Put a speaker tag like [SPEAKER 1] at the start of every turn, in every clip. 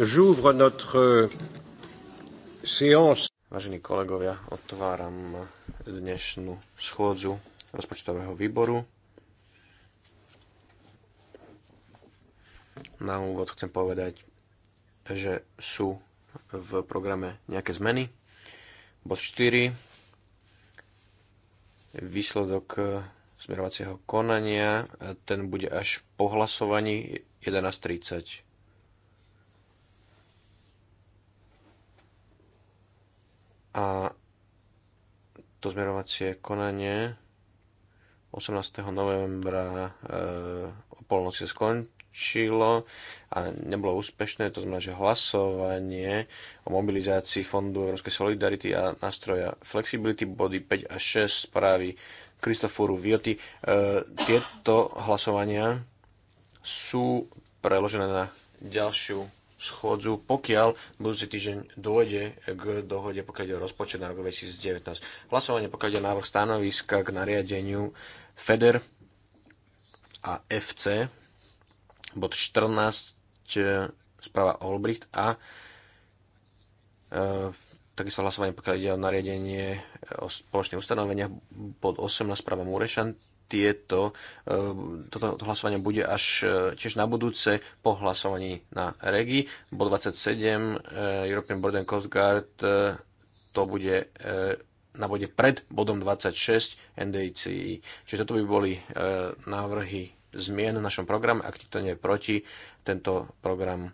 [SPEAKER 1] J'ouvre notre euh, séance. Vážení kolegovia, otváram dnešnú schôdzu rozpočtového výboru. Na úvod chcem povedať, že sú v programe nejaké zmeny. Bod 4. Výsledok e, smerovacieho konania, ten bude až po hlasovaní 11.30. a to zmerovacie konanie 18. novembra e, o polnoci skončilo a nebolo úspešné, to znamená, že hlasovanie o mobilizácii Fondu Európskej solidarity a nástroja Flexibility body 5 a 6 správy Kristoforu Vioty. E, tieto hlasovania sú preložené na ďalšiu schôdzu, pokiaľ budúci týždeň dôjde k dohode, pokiaľ je rozpočet na rok 2019. Hlasovanie, pokiaľ ide návrh stanoviska k nariadeniu FEDER a FC, bod 14, e, správa Olbricht a e, takisto hlasovanie, pokiaľ ide o nariadenie e, o spoločných ustanoveniach, bod 18 správa Murešan, tieto, eh, toto hlasovanie bude až eh, tiež na budúce po hlasovaní na REGI. Bod 27, eh, European Border and Coast Guard, to bude na bode pred bodom 26 NDC. Čiže toto by boli návrhy zmien v našom programe. Ak to nie je proti, tento program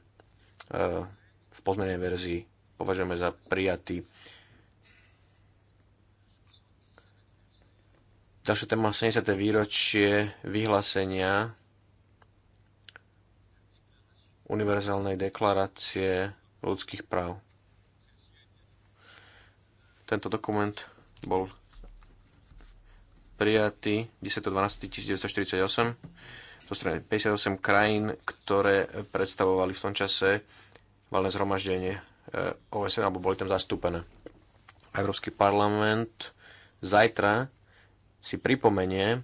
[SPEAKER 1] v pozmenenej verzii považujeme za prijatý. Ďalšia téma 70. výročie vyhlásenia Univerzálnej deklarácie ľudských práv. Tento dokument bol prijatý 10.12.1948 zo strany 58 krajín, ktoré predstavovali v tom čase valné zhromaždenie eh, OSN, alebo boli tam zastúpené. Európsky parlament zajtra si pripomenie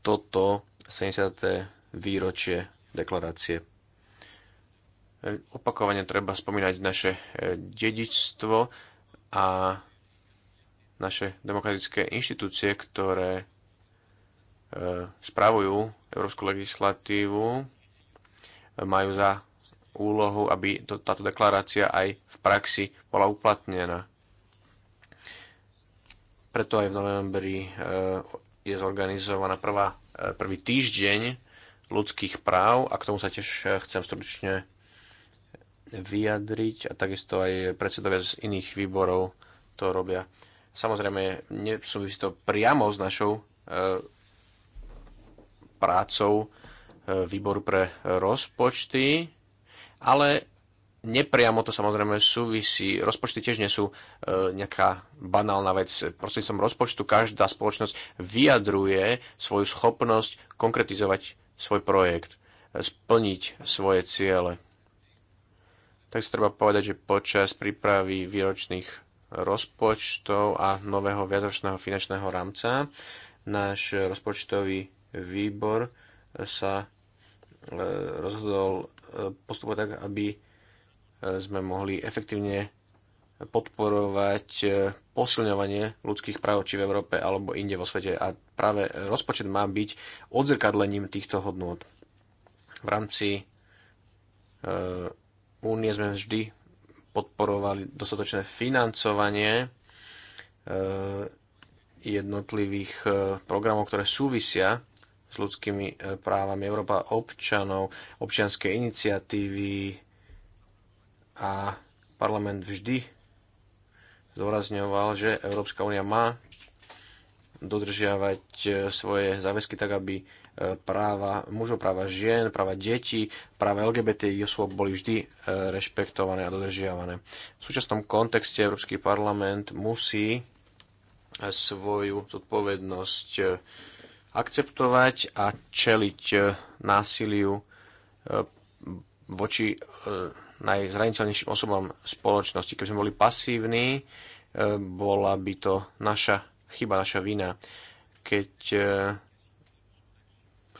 [SPEAKER 1] toto 70. výročie deklarácie. E, opakovane treba spomínať naše e, dedičstvo a naše demokratické inštitúcie, ktoré e, spravujú európsku legislatívu, majú za úlohu, aby to, táto deklarácia aj v praxi bola uplatnená. Preto aj v novembri eh, je zorganizovaná prvá, eh, prvý týždeň ľudských práv a k tomu sa tiež eh, chcem stručne vyjadriť a takisto aj predsedovia z iných výborov to robia. Samozrejme, nesúvisí to priamo s našou e, prácou e, výboru pre rozpočty, ale Nepriamo to samozrejme súvisí, rozpočty tiež nie sú e, nejaká banálna vec. Prostredníctvom rozpočtu každá spoločnosť vyjadruje svoju schopnosť konkretizovať svoj projekt, e, splniť svoje ciele. Tak sa treba povedať, že počas prípravy výročných rozpočtov a nového viacročného finančného rámca náš rozpočtový výbor sa e, rozhodol e, postupovať tak, aby sme mohli efektívne podporovať e, posilňovanie ľudských práv či v Európe alebo inde vo svete. A práve rozpočet má byť odzrkadlením týchto hodnôt. V rámci e, únie sme vždy podporovali dostatočné financovanie e, jednotlivých programov, ktoré súvisia s ľudskými právami Európa občanov, občianskej iniciatívy, a parlament vždy zdôrazňoval, že Európska únia má dodržiavať e, svoje záväzky tak, aby e, práva mužov, práva žien, práva detí, práva LGBT osôb boli vždy e, rešpektované a dodržiavané. V súčasnom kontexte Európsky parlament musí svoju zodpovednosť akceptovať a čeliť násiliu voči najzraniteľnejším osobám spoločnosti. Keby sme boli pasívni, e, bola by to naša chyba, naša vina. Keď e, e,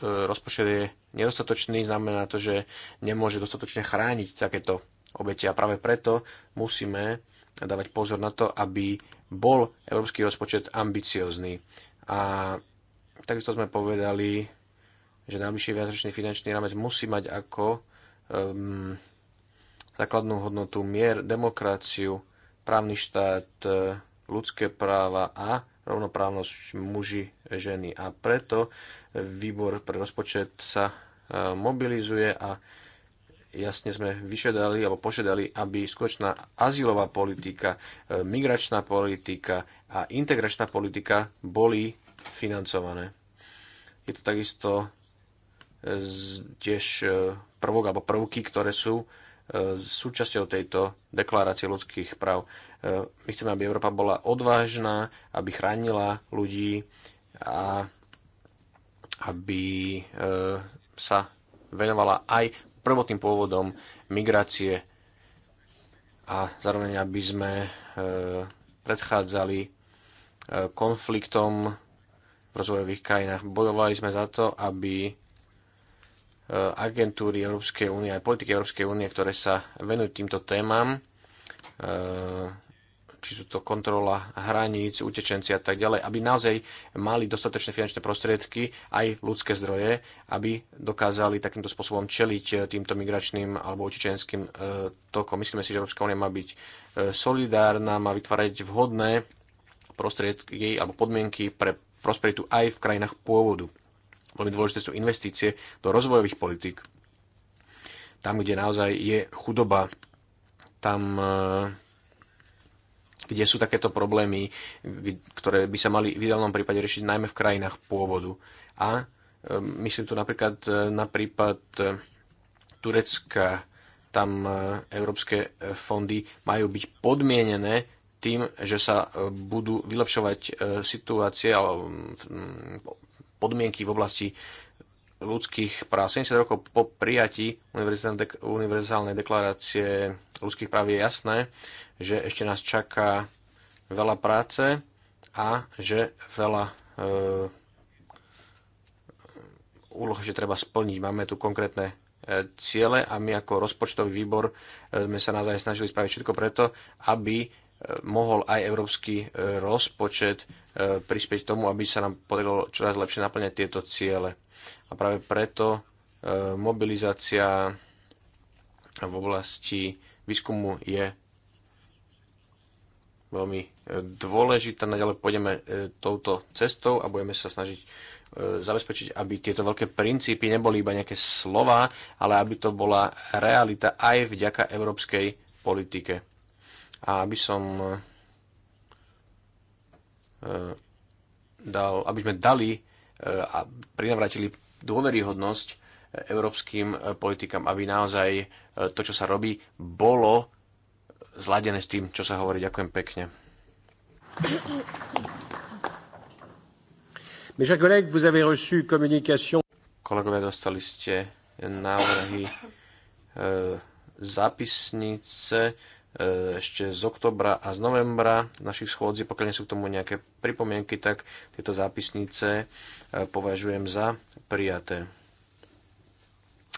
[SPEAKER 1] rozpočet je nedostatočný, znamená to, že nemôže dostatočne chrániť takéto obete. A práve preto musíme dávať pozor na to, aby bol európsky rozpočet ambiciózny. A takisto sme povedali, že najbližší viacročný finančný rámec musí mať ako um, základnú hodnotu mier, demokraciu, právny štát, e, ľudské práva a rovnoprávnosť muži, ženy. A preto výbor pre rozpočet sa e, mobilizuje a jasne sme vyšedali alebo pošedali, aby skutočná azylová politika, e, migračná politika a integračná politika boli financované. Je to takisto tiež prvok alebo prvky, ktoré sú E, súčasťou tejto deklarácie ľudských práv. E, my chceme, aby Európa bola odvážna, aby chránila ľudí a aby e, sa venovala aj prvotným pôvodom migrácie a zároveň, aby sme predchádzali konfliktom v rozvojových krajinách. Bojovali sme za to, aby Eh, agentúry Európskej únie aj politiky Európskej únie, ktoré sa venujú týmto témam, eh, či sú to kontrola hraníc, utečenci a tak ďalej, aby naozaj mali dostatočné finančné prostriedky, aj ľudské zdroje, aby dokázali takýmto spôsobom čeliť eh, týmto migračným alebo utečenským tokom. Myslíme si, že Európska únia má byť solidárna, má vytvárať vhodné prostriedky alebo podmienky pre prosperitu aj v krajinách pôvodu veľmi dôležité sú investície do rozvojových politik. Tam, kde naozaj je chudoba, tam, eh, kde sú takéto problémy, ktoré by sa mali v ideálnom prípade riešiť najmä v krajinách pôvodu. A eh, myslím tu napríklad eh, na prípad Turecka, tam európske fondy majú byť podmienené tým, že sa budú vylepšovať situácie mm, podmienky v oblasti ľudských práv. 70 rokov po prijatí Univerzálnej deklarácie ľudských práv je jasné, že ešte nás čaká veľa práce a že veľa e, úloh, že treba splniť. Máme tu konkrétne e, ciele a my ako rozpočtový výbor e, sme sa naozaj snažili spraviť všetko preto, aby mohol aj európsky e, rozpočet e, prispieť tomu, aby sa nám podarilo čoraz lepšie naplňať tieto ciele. A práve preto e, mobilizácia v oblasti výskumu je veľmi dôležitá. Naďalej pôjdeme touto cestou a budeme sa snažiť zabezpečiť, aby tieto veľké princípy neboli iba nejaké slova, ale aby to bola realita aj vďaka európskej politike a aby som e, dal, aby sme dali e, a prinavratili dôveryhodnosť európskym e, politikám, aby naozaj to, čo sa robí, bolo zladené s tým, čo sa hovorí. Ďakujem pekne. Kolegovia, dostali ste návrhy zápisnice. E, ešte z oktobra a z novembra našich schôdzi. Pokiaľ nie sú k tomu nejaké pripomienky, tak tieto zápisnice e, považujem za prijaté.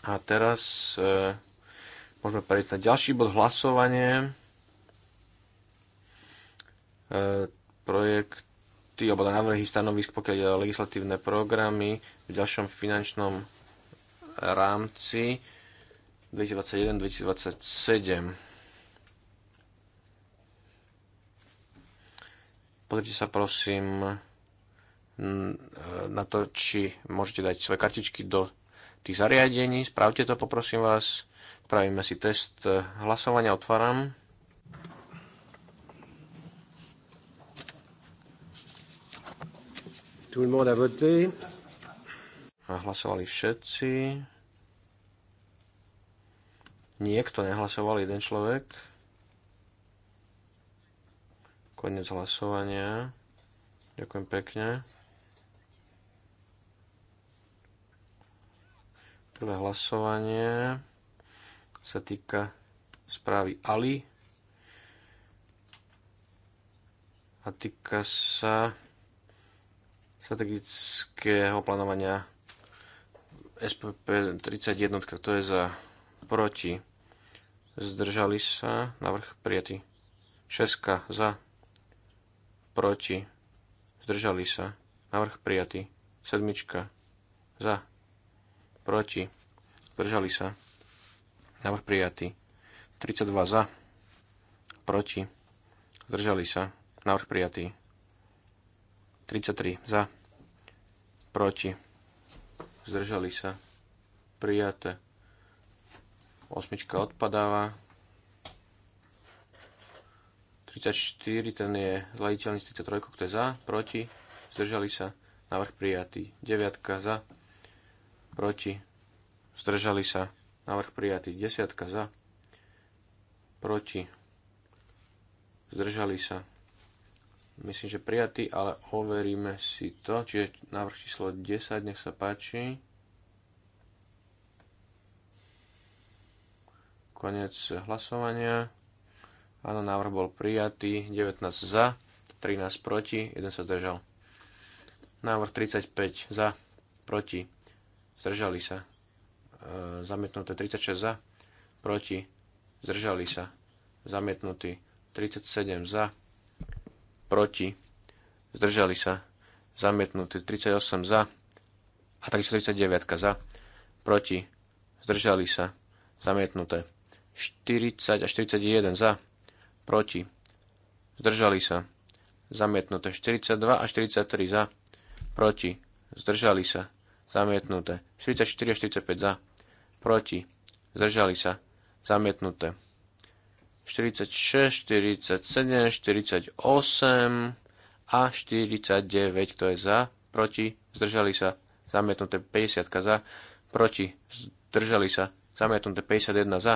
[SPEAKER 1] A teraz e, môžeme prejsť na ďalší bod hlasovanie. projekty alebo návrhy stanovisk, pokiaľ ide o legislatívne programy v ďalšom finančnom rámci 2021-2027. Pozrite sa prosím na to, či môžete dať svoje kartičky do tých zariadení. Spravte to, poprosím vás. Pravíme si test hlasovania. Otváram. a Hlasovali všetci. Niekto nehlasoval, jeden človek. Konec hlasovania. Ďakujem pekne. Prvé hlasovanie sa týka správy Ali a týka sa strategického plánovania SPP 31, kto je za, proti, zdržali sa, navrh prijatý. Česka za, proti, zdržali sa, návrh prijatý, sedmička, za, proti, zdržali sa, návrh prijatý, 32 za, proti, zdržali sa, návrh prijatý, 33 za, proti, zdržali sa, prijaté, osmička odpadáva, 34, ten je zladiteľný z 33, kto je za, proti, zdržali sa, návrh prijatý. 9 za, proti, zdržali sa, návrh prijatý. 10 za, proti, zdržali sa. Myslím, že prijatý, ale overíme si to. Čiže návrh číslo 10, nech sa páči. Konec hlasovania. Áno, návrh bol prijatý. 19 za, 13 proti, 1 sa zdržal. Návrh 35 za, proti, zdržali sa. E, zamietnuté 36 za, proti, zdržali sa. Zamietnutý 37 za, proti, zdržali sa. Zamietnutý 38 za a takisto 39 za, proti, zdržali sa. Zamietnuté 40 a 41 za, proti, zdržali sa, zamietnuté 42 a 43 za, proti, zdržali sa, zamietnuté 44 a 45 za, proti, zdržali sa, zamietnuté 46, 47, 48 a 49, kto je za, proti, zdržali sa, zamietnuté 50 za, proti, zdržali sa, zamietnuté 51 za,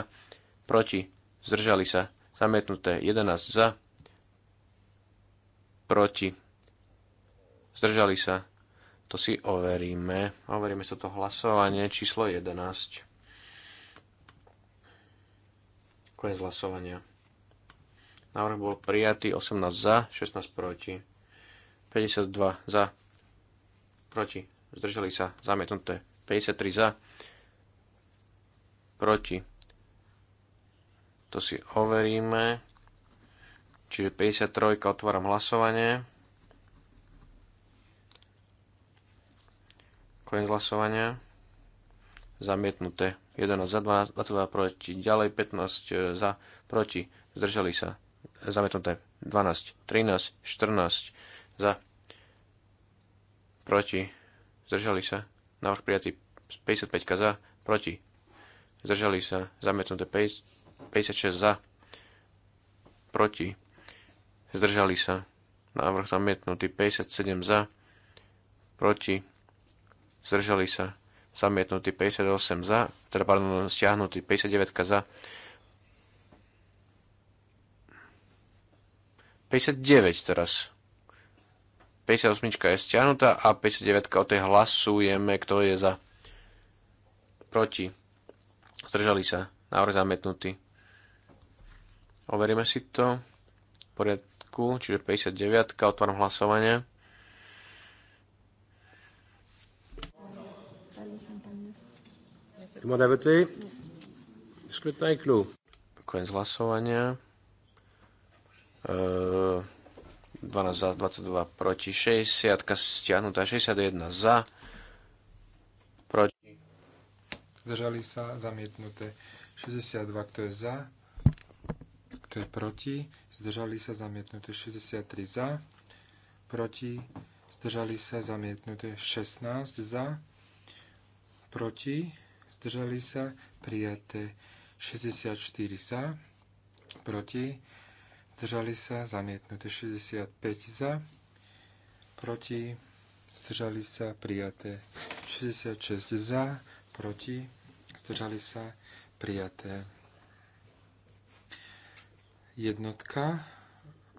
[SPEAKER 1] proti, zdržali sa, zamietnuté 11 za, proti, zdržali sa, to si overíme. Overíme sa to hlasovanie číslo 11. Konec hlasovania. Návrh bol prijatý 18 za, 16 proti. 52 za, proti. Zdržali sa, zamietnuté. 53 za, proti to si overíme. Čiže 53, otváram hlasovanie. Koniec hlasovania. Zamietnuté. 11 za, 12, 22 proti. Ďalej 15 e, za, proti. Zdržali sa. Zamietnuté. 12, 13, 14 za, proti. Zdržali sa. Návrh prijatý 55 za, proti. Zdržali sa. Zamietnuté 5. 56 za, proti, zdržali sa, návrh zamietnutý, 57 za, proti, zdržali sa, zamietnutý 58 za, teda pardon, stiahnutý 59 za, 59 teraz. 58 je stiahnutá a 59 o tej hlasujeme, kto je za. Proti. Zdržali sa. Návrh zamietnutý. Overíme si to. V poriadku, čiže 59. Otváram hlasovanie. Demande Koniec hlasovania. E, 12 za, 22 proti, 60 stiahnutá, 61 za, proti.
[SPEAKER 2] Zdržali sa, zamietnuté. 62, kto je za, kto je proti, zdržali sa zamietnuté 63 za, proti, zdržali sa zamietnuté 16 za, proti, zdržali sa prijaté 64 za, proti, zdržali sa zamietnuté 65 za, proti, zdržali sa prijaté 66 za, proti, zdržali sa prijaté Jednotka,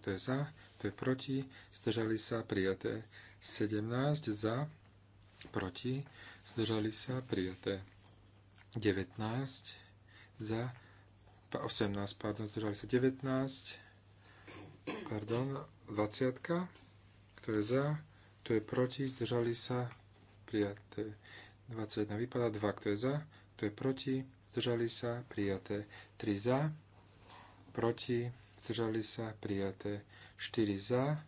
[SPEAKER 2] to je za, to je proti, zdržali sa prijaté. 17 za, proti, zdržali sa prijaté. 19 za, 18, pardon, zdržali sa 19, pardon, 20, kto je za, to je proti, zdržali sa prijaté. 21 vypadá, 2, kto je za, kto je proti, zdržali sa prijaté. 3 za, proti, zdržali sa, prijaté. 4 za,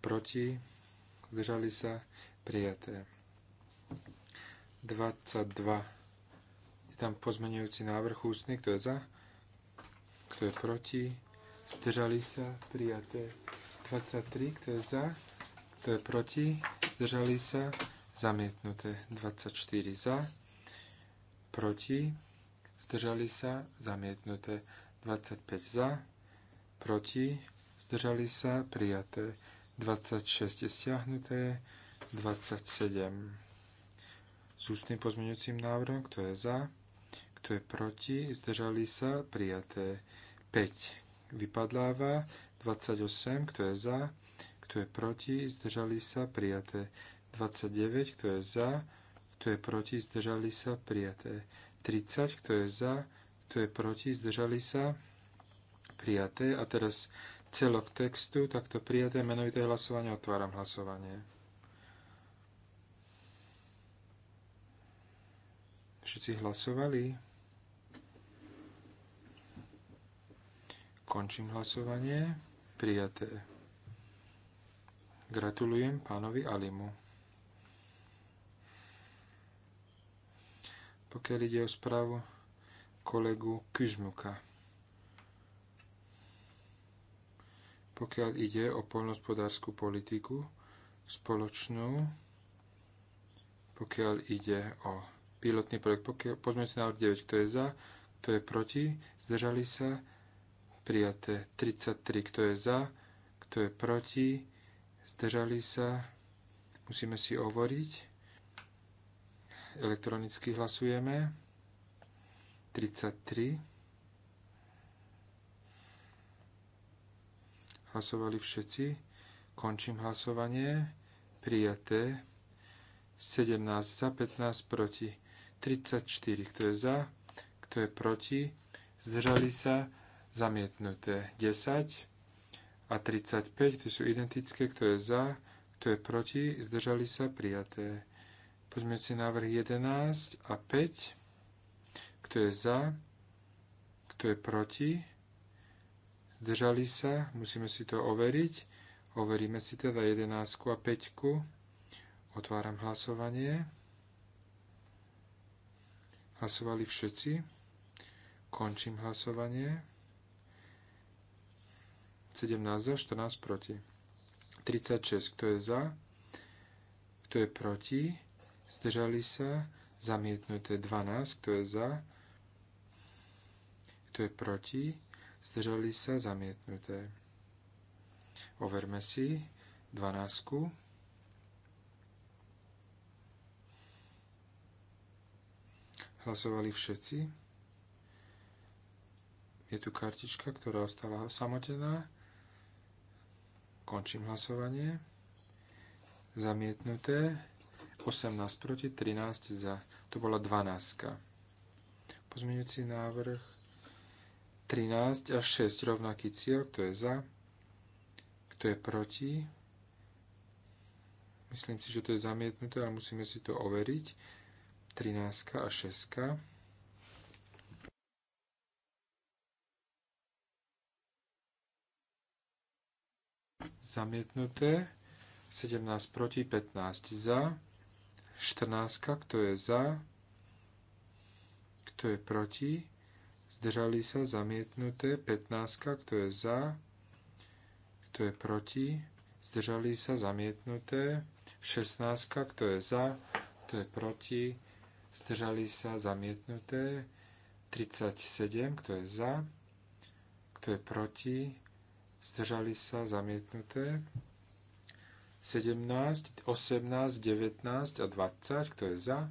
[SPEAKER 2] proti, zdržali sa, prijaté. 22. Je tam pozmenujúci návrh ústny, kto je za, kto je proti, zdržali sa, prijaté. 23, kto je za, kto je proti, zdržali sa, zamietnuté. 24 za, proti, zdržali sa, zamietnuté. 25 za, proti, zdržali sa, prijaté. 26 je stiahnuté, 27 s ústnym pozmeňujúcim návrhom, kto je za, kto je proti, zdržali sa, prijaté. 5 vypadláva, 28, kto je za, kto je proti, zdržali sa, prijaté. 29, kto je za, kto je proti, zdržali sa, prijaté. 30, kto je za, kto je proti? Zdržali sa? Prijaté. A teraz celok textu, takto prijaté menovité hlasovanie, otváram hlasovanie. Všetci hlasovali? Končím hlasovanie. Prijaté. Gratulujem pánovi Alimu. Pokiaľ ide o správu kolegu Kyžmuka. Pokiaľ ide o polnospodárskú politiku spoločnú, pokiaľ ide o pilotný projekt, pokiaľ, pozmeňte návrh 9, kto je za, kto je proti, zdržali sa, prijaté 33, kto je za, kto je proti, zdržali sa, musíme si hovoriť elektronicky hlasujeme. 33. Hlasovali všetci. Končím hlasovanie. Prijaté. 17 za, 15 proti. 34. Kto je za? Kto je proti? Zdržali sa. Zamietnuté. 10 a 35, to sú identické, kto je za, kto je proti, zdržali sa, prijaté. Poďme si návrh 11 a 5. Kto je za? Kto je proti? Zdržali sa? Musíme si to overiť. Overíme si teda 11 a 5. Otváram hlasovanie. Hlasovali všetci. Končím hlasovanie. 17 za, 14 proti. 36. Kto je za? Kto je proti? Zdržali sa? Zamietnuté 12. Kto je za? Kto je proti? Zdržali sa zamietnuté. Overme si 12. Hlasovali všetci. Je tu kartička, ktorá ostala samotená. Končím hlasovanie. Zamietnuté. 18 proti, 13 za. To bola 12. Pozmeňujúci návrh 13 až 6 rovnaký cieľ, kto je za, kto je proti. Myslím si, že to je zamietnuté, ale musíme si to overiť. 13 a 6. Zamietnuté. 17 proti, 15 za. 14, kto je za, kto je proti zdržali sa, zamietnuté, 15, kto je za, kto je proti, zdržali sa, zamietnuté, 16, kto je za, kto je proti, zdržali sa, zamietnuté, 37, kto je za, kto je proti, zdržali sa, zamietnuté, 17, 18, 19 a 20, kto je za,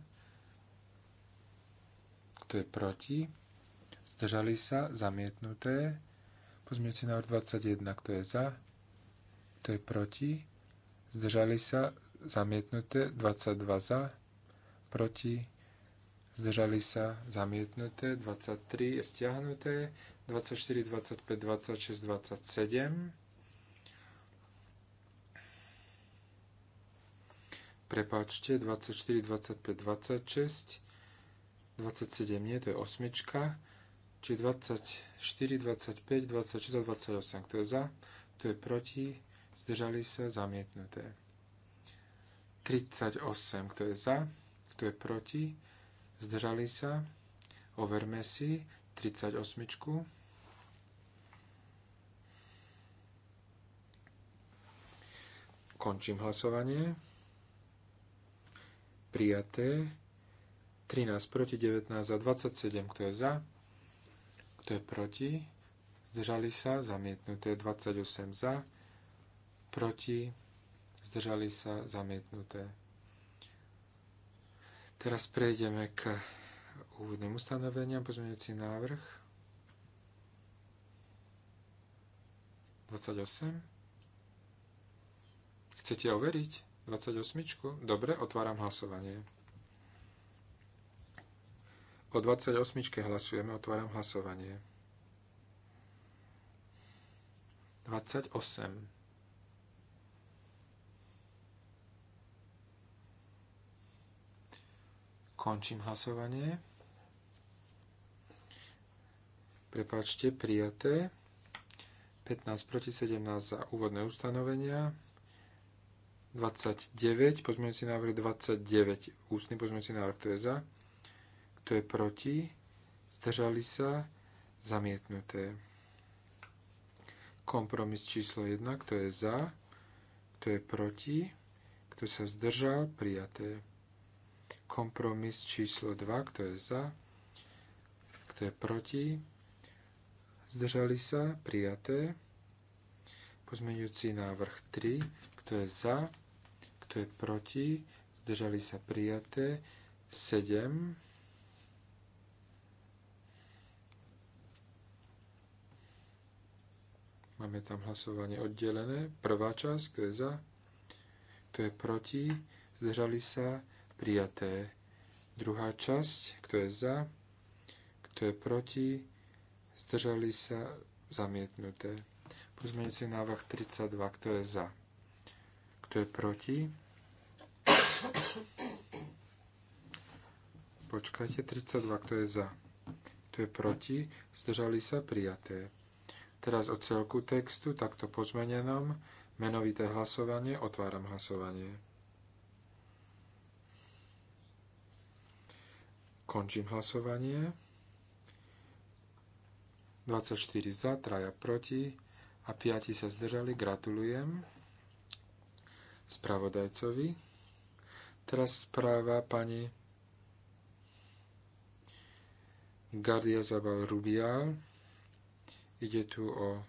[SPEAKER 2] kto je proti, zdržali sa, zamietnuté. Pozmeňujúci návrh 21, kto je za, kto je proti, zdržali sa, zamietnuté, 22 za, proti, zdržali sa, zamietnuté, 23 je stiahnuté, 24, 25, 26, 27. Prepáčte, 24, 25, 26, 27 nie, to je osmička či 24, 25, 26 a 28. Kto je za, kto je proti, zdržali sa, zamietnuté. 38. Kto je za, kto je proti, zdržali sa, overme si 38. Končím hlasovanie. Prijaté. 13 proti 19 za 27, kto je za, kto je proti? Zdržali sa? Zamietnuté. 28 za. Proti? Zdržali sa? Zamietnuté. Teraz prejdeme k úvodnému stanoveniu Pozmeňujúci návrh. 28. Chcete overiť 28? Dobre, otváram hlasovanie. O 28. hlasujeme, otváram hlasovanie. 28. Končím hlasovanie. Prepáčte, prijaté. 15 proti 17 za úvodné ustanovenia. 29, pozmeňujúci návrh 29, ústny pozmeňujúci návrh, to je za kto je proti? Zdržali sa? Zamietnuté. Kompromis číslo 1. Kto je za? Kto je proti? Kto sa zdržal? Prijaté. Kompromis číslo 2. Kto je za? Kto je proti? Zdržali sa? Prijaté. Pozmeňujúci návrh 3. Kto je za? Kto je proti? Zdržali sa? Prijaté. 7. Máme tam hlasovanie oddelené. Prvá časť, kto je za, kto je proti, zdržali sa, prijaté. Druhá časť, kto je za, kto je proti, zdržali sa, zamietnuté. Pozmeňujúci návrh 32, kto je za, kto je proti. Počkajte, 32, kto je za, kto je proti, zdržali sa, prijaté. Teraz o celku textu, takto pozmenenom, menovité hlasovanie, otváram hlasovanie. Končím hlasovanie. 24 za, 3 proti a 5 sa zdržali. Gratulujem spravodajcovi. Teraz správa pani Gardia Zabal Rubial. Ide tu o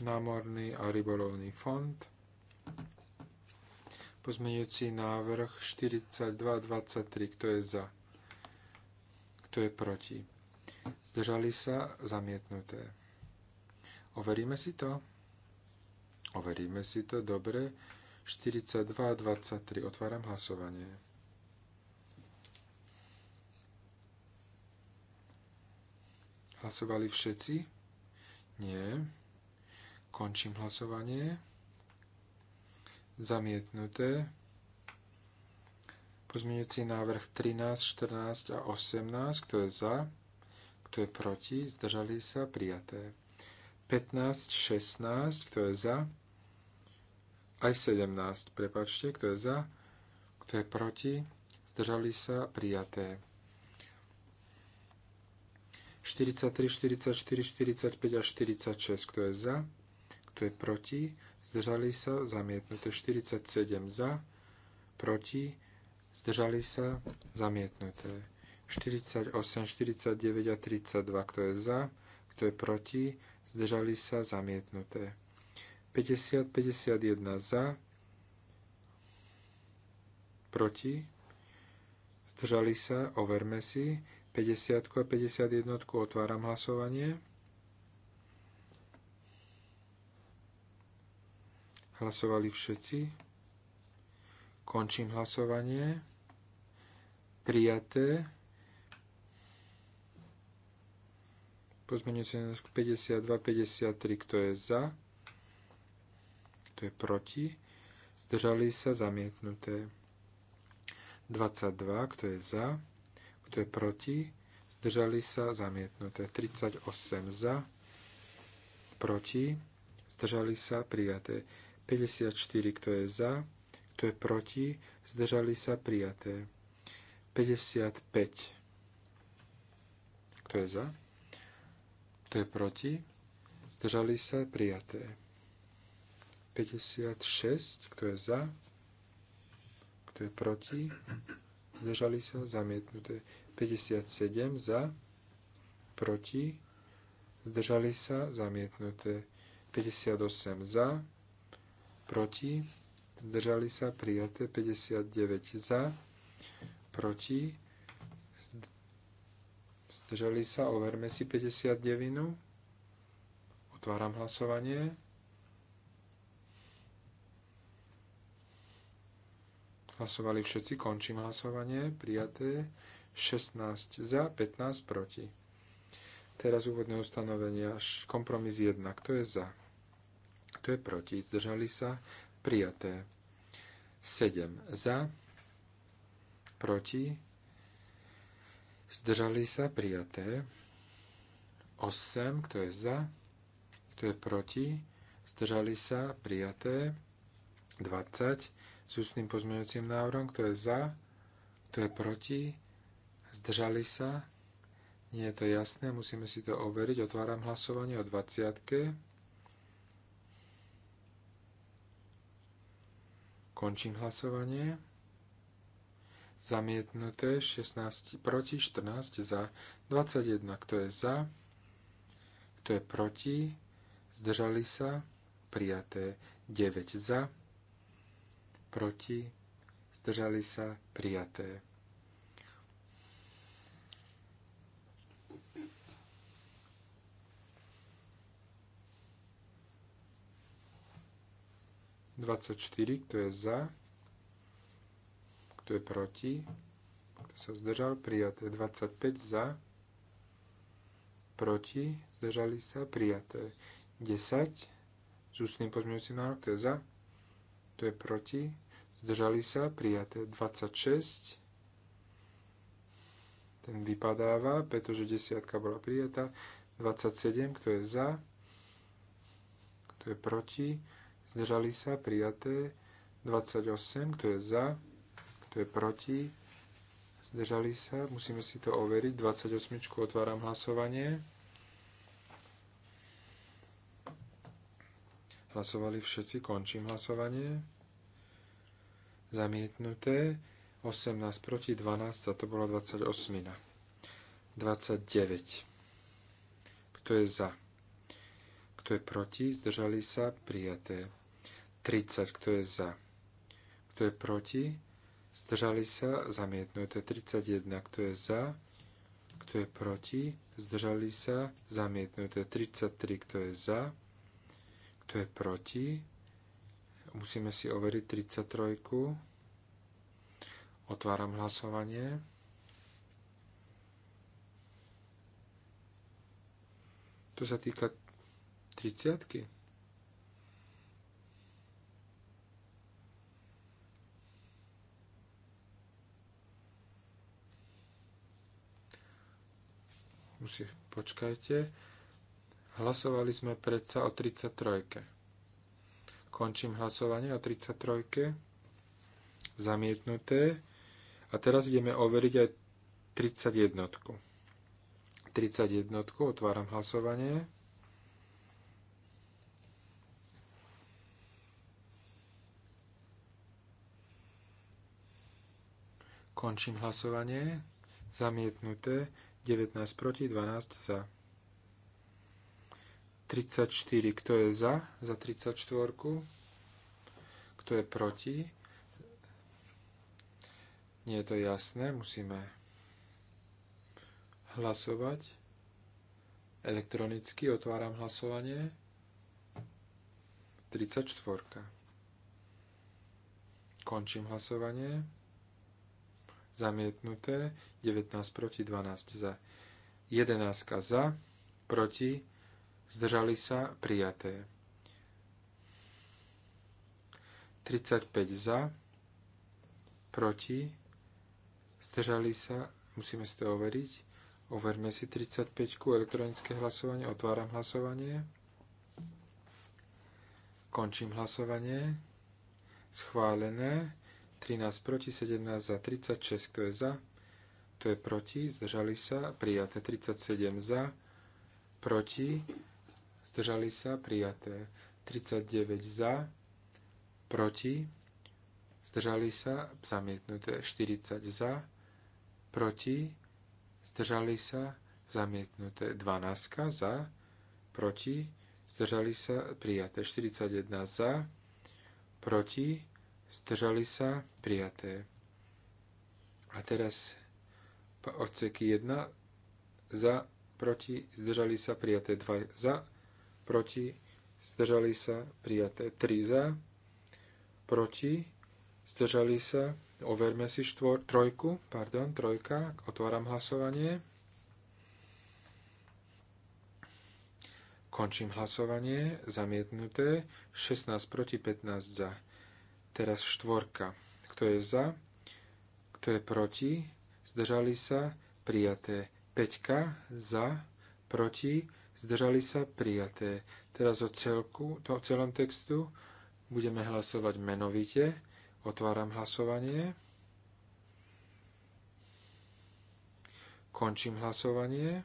[SPEAKER 2] námorný a rybolovný fond. Pozmeňujúci návrh 4223, kto je za, kto je proti. Zdržali sa zamietnuté. Overíme si to? Overíme si to, dobre. 4223. Otváram hlasovanie. Hlasovali všetci? Nie. Končím hlasovanie. Zamietnuté. Pozmeňujúci návrh 13, 14 a 18. Kto je za? Kto je proti? Zdržali sa? Prijaté. 15, 16. Kto je za? Aj 17. Prepačte. Kto je za? Kto je proti? Zdržali sa? Prijaté. 43, 44, 45 a 46. Kto je za? Kto je proti? Zdržali sa? Zamietnuté. 47 za. Proti? Zdržali sa? Zamietnuté. 48, 49 a 32. Kto je za? Kto je proti? Zdržali sa? Zamietnuté. 50, 51 za. Proti? Zdržali sa? Overme si. 50 a 51 otváram hlasovanie. Hlasovali všetci. Končím hlasovanie. Prijaté. Pozmeňujúci na 52, 53, kto je za, kto je proti, zdržali sa zamietnuté. 22, kto je za, kto je proti? Zdržali sa zamietnuté. 38 za. Proti? Zdržali sa prijaté. 54 kto je za. Kto je proti? Zdržali sa prijaté. 55 kto je za? Kto je proti? Zdržali sa prijaté. 56. Kto je za? Kto je proti? Zdržali sa zamietnuté. 57 za, proti, zdržali sa, zamietnuté. 58 za, proti, zdržali sa, prijaté. 59 za, proti, zdržali sa, overme si 59. Otváram hlasovanie. Hlasovali všetci, končím hlasovanie, prijaté. 16 za, 15 proti. Teraz úvodné až kompromis 1, kto je za, kto je proti, zdržali sa, prijaté. 7 za, proti, zdržali sa, prijaté. 8, kto je za, kto je proti, zdržali sa, prijaté. 20 s ústnym pozmeňujúcim návrhom, kto je za, kto je proti, zdržali sa, nie je to jasné, musíme si to overiť, otváram hlasovanie o 20. Končím hlasovanie. Zamietnuté 16 proti, 14 za, 21 kto je za, kto je proti, zdržali sa, prijaté 9 za, proti, zdržali sa, prijaté 24, kto je za, kto je proti, kto sa zdržal, prijaté. 25 za, proti, zdržali sa, prijaté. 10 s ústnym pozmeňujúcim návrhom, kto je za, kto je proti, zdržali sa, prijaté. 26, ten vypadáva, pretože desiatka bola prijatá. 27, kto je za, kto je proti, zdržali sa, prijaté. 28, kto je za, kto je proti, zdržali sa, musíme si to overiť. 28, otváram hlasovanie. Hlasovali všetci, končím hlasovanie. Zamietnuté. 18 proti 12, a to bola 28. 29. Kto je za? Kto je proti? Zdržali sa? Prijaté. 30, kto je za, kto je proti, zdržali sa, zamietnuté 31, kto je za, kto je proti, zdržali sa, zamietnuté 33, kto je za, kto je proti, musíme si overiť 33, otváram hlasovanie, to sa týka 30. -ky. si počkajte. Hlasovali sme predsa o 33. Končím hlasovanie o 33. Zamietnuté. A teraz ideme overiť aj 31. 31. Otváram hlasovanie. Končím hlasovanie. Zamietnuté. 19 proti, 12 za. 34, kto je za, za 34, kto je proti. Nie je to jasné, musíme hlasovať. Elektronicky otváram hlasovanie. 34. Končím hlasovanie zamietnuté, 19 proti 12 za, 11 za, proti, zdržali sa, prijaté. 35 za, proti, zdržali sa, musíme si to overiť, overme si 35 elektronické hlasovanie, otváram hlasovanie, končím hlasovanie, schválené, 13 proti, 17 za, 36, kto je za, kto je proti, zdržali sa, prijaté 37 za, proti, zdržali sa, prijaté 39 za, proti, zdržali sa, zamietnuté 40 za, proti, zdržali sa, zamietnuté 12 za, proti, zdržali sa, prijaté 41 za, proti, zdržali sa, prijaté. A teraz odseky 1 za, proti, zdržali sa, prijaté 2 za, proti, zdržali sa, prijaté 3 za, proti, zdržali sa, overme si štvor, trojku, pardon, trojka, otváram hlasovanie. Končím hlasovanie, zamietnuté, 16 proti 15 za. Teraz štvorka. Kto je za? Kto je proti? Zdržali sa? Prijaté. Peťka za, proti, zdržali sa, prijaté. Teraz o, celku, to, o celom textu budeme hlasovať menovite. Otváram hlasovanie. Končím hlasovanie.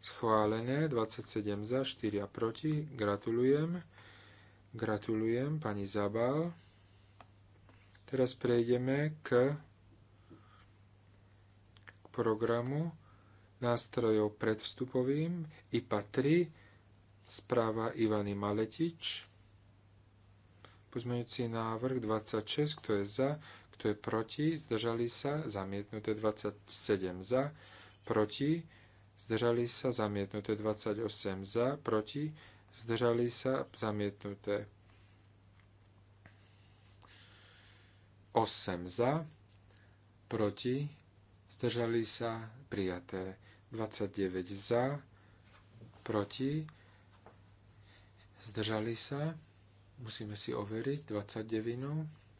[SPEAKER 2] Schválené 27 za, 4 proti. Gratulujem. Gratulujem pani Zabal. Teraz prejdeme k programu nástrojov predvstupovým IPA 3 správa Ivany Maletič. Pozmeňujúci návrh 26, kto je za, kto je proti, zdržali sa, zamietnuté 27 za, proti, zdržali sa, zamietnuté 28 za, proti, zdržali sa, zamietnuté. 8 za, proti, zdržali sa, prijaté. 29 za, proti, zdržali sa, musíme si overiť 29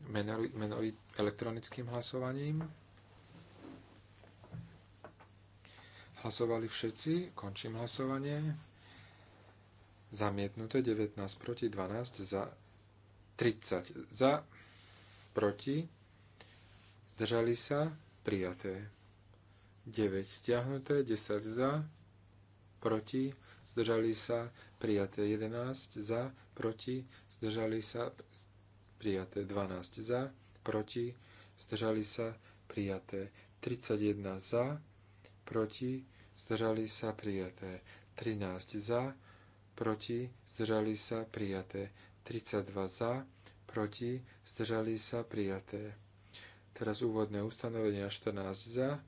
[SPEAKER 2] menali, elektronickým hlasovaním. Hlasovali všetci, končím hlasovanie zamietnuté, 19 proti, 12 za, 30 za, proti, zdržali sa, prijaté. 9 stiahnuté, 10 za, proti, zdržali sa, prijaté 11 za, proti, zdržali sa, prijaté 12 za, proti, zdržali sa, prijaté 31 za, proti, zdržali sa, prijaté 13 za, proti, zdržali sa, prijaté. 32 za, proti, zdržali sa, prijaté. Teraz úvodné ustanovenia 14 za,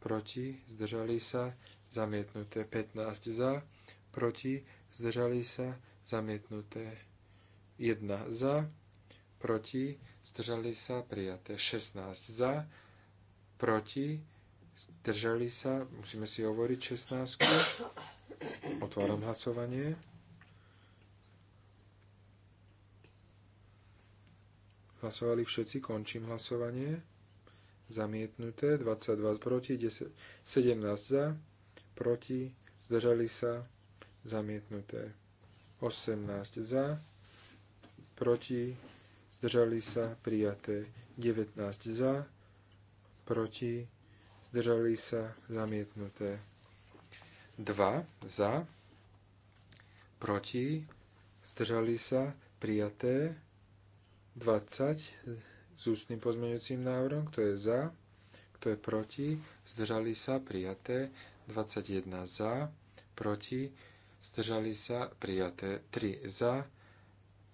[SPEAKER 2] proti, zdržali sa, zamietnuté. 15 za, proti, zdržali sa, zamietnuté. 1 za, proti, zdržali sa, prijaté. 16 za, proti, zdržali sa, musíme si hovoriť 16. Otváram hlasovanie. Hlasovali všetci, končím hlasovanie. Zamietnuté, 22 proti, 10, 17 za, proti, zdržali sa, zamietnuté. 18 za, proti, zdržali sa, prijaté. 19 za, proti, zdržali sa, zamietnuté. 2 za, proti, zdržali sa, prijaté. 20 s ústnym pozmeňujúcim návrhom, kto je za, kto je proti, zdržali sa, prijaté, 21 za, proti, zdržali sa, prijaté, 3 za,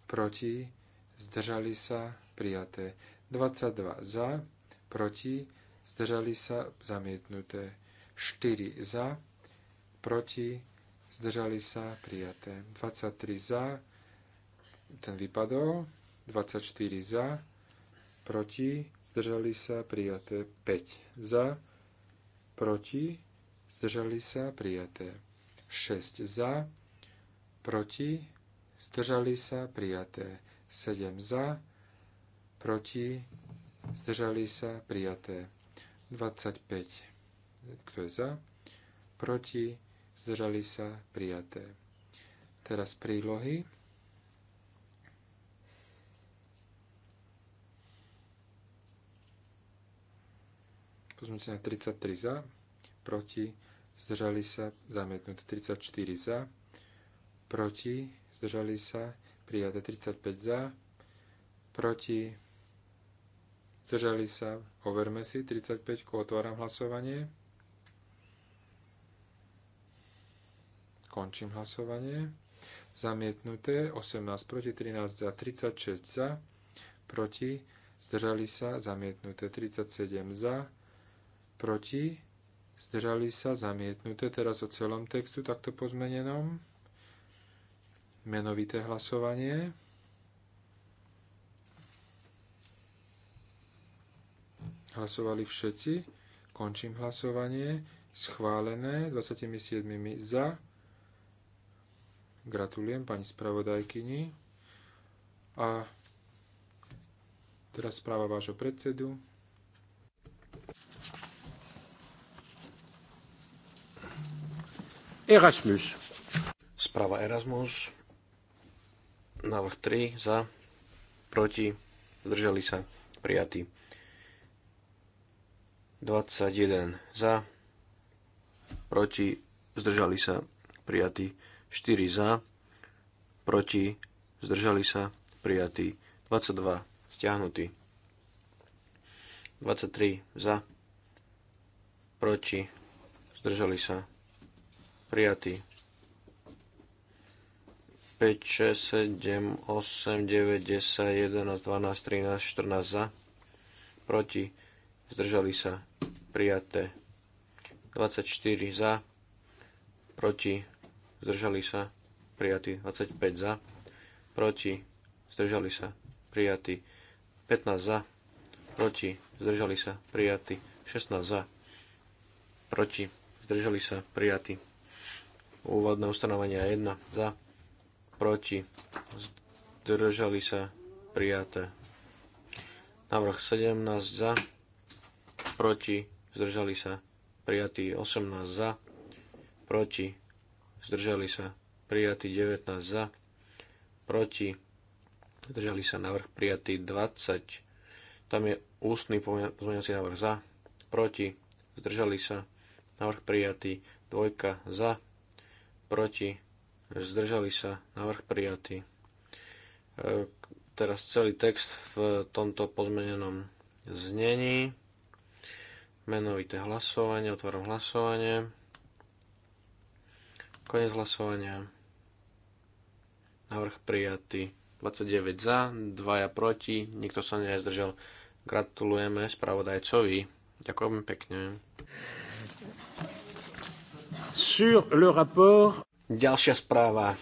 [SPEAKER 2] proti, zdržali sa, prijaté, 22 za, proti, zdržali sa, zamietnuté, 4 za, proti, zdržali sa, prijaté, 23 za, ten vypadol, 24 za, proti, zdržali sa, prijaté 5 za, proti, zdržali sa, prijaté 6 za, proti, zdržali sa, prijaté 7 za, proti, zdržali sa, prijaté 25, kto je za, proti, zdržali sa, prijaté. Teraz prílohy. Pozmite na 33 za, proti, zdržali sa, zamietnuté 34 za, proti, zdržali sa, prijaté 35 za, proti, zdržali sa, overme si 35, otváram hlasovanie. Končím hlasovanie. Zamietnuté 18 proti 13 za 36 za, proti, zdržali sa, zamietnuté 37 za, proti, zdržali sa, zamietnuté. Teraz o celom textu takto pozmenenom. Menovité hlasovanie. Hlasovali všetci. Končím hlasovanie. Schválené 27 za. Gratulujem pani spravodajkyni. A teraz správa vášho predsedu.
[SPEAKER 1] Erasmus. Správa Erasmus. Návrh 3 za, proti, zdržali sa, prijatí. 21 za, proti, zdržali sa, prijatí. 4 za, proti, zdržali sa, prijatí, 22 stiahnutý. 23 za, proti, zdržali sa, prijatý. 5, 6, 7, 8, 9, 10, 11, 12, 13, 14 za. Proti. Zdržali sa. Prijaté. 24 za. Proti. Zdržali sa. Prijatý. 25 za. Proti. Zdržali sa. Prijatý. 15 za. Proti. Zdržali sa. Prijatý. 16 za. Proti. Zdržali sa. Prijatý. Úvodné ustanovenia 1 za, proti, zdržali sa, prijaté. Návrh 17 za, proti, zdržali sa, prijatý 18 za, proti, zdržali sa, prijatý 19 za, proti, zdržali sa, návrh prijatý 20. Tam je ústny pozmeňovací návrh za, proti, zdržali sa, návrh prijatý dvojka za, proti, zdržali sa, návrh prijatý. E, teraz celý text v tomto pozmenenom znení. Menovité hlasovanie, otváram hlasovanie. Konec hlasovania. Návrh prijatý. 29 za, 2 proti, nikto sa nezdržal. Gratulujeme spravodajcovi. Ďakujem pekne sur le rapport... Ďalšia správa.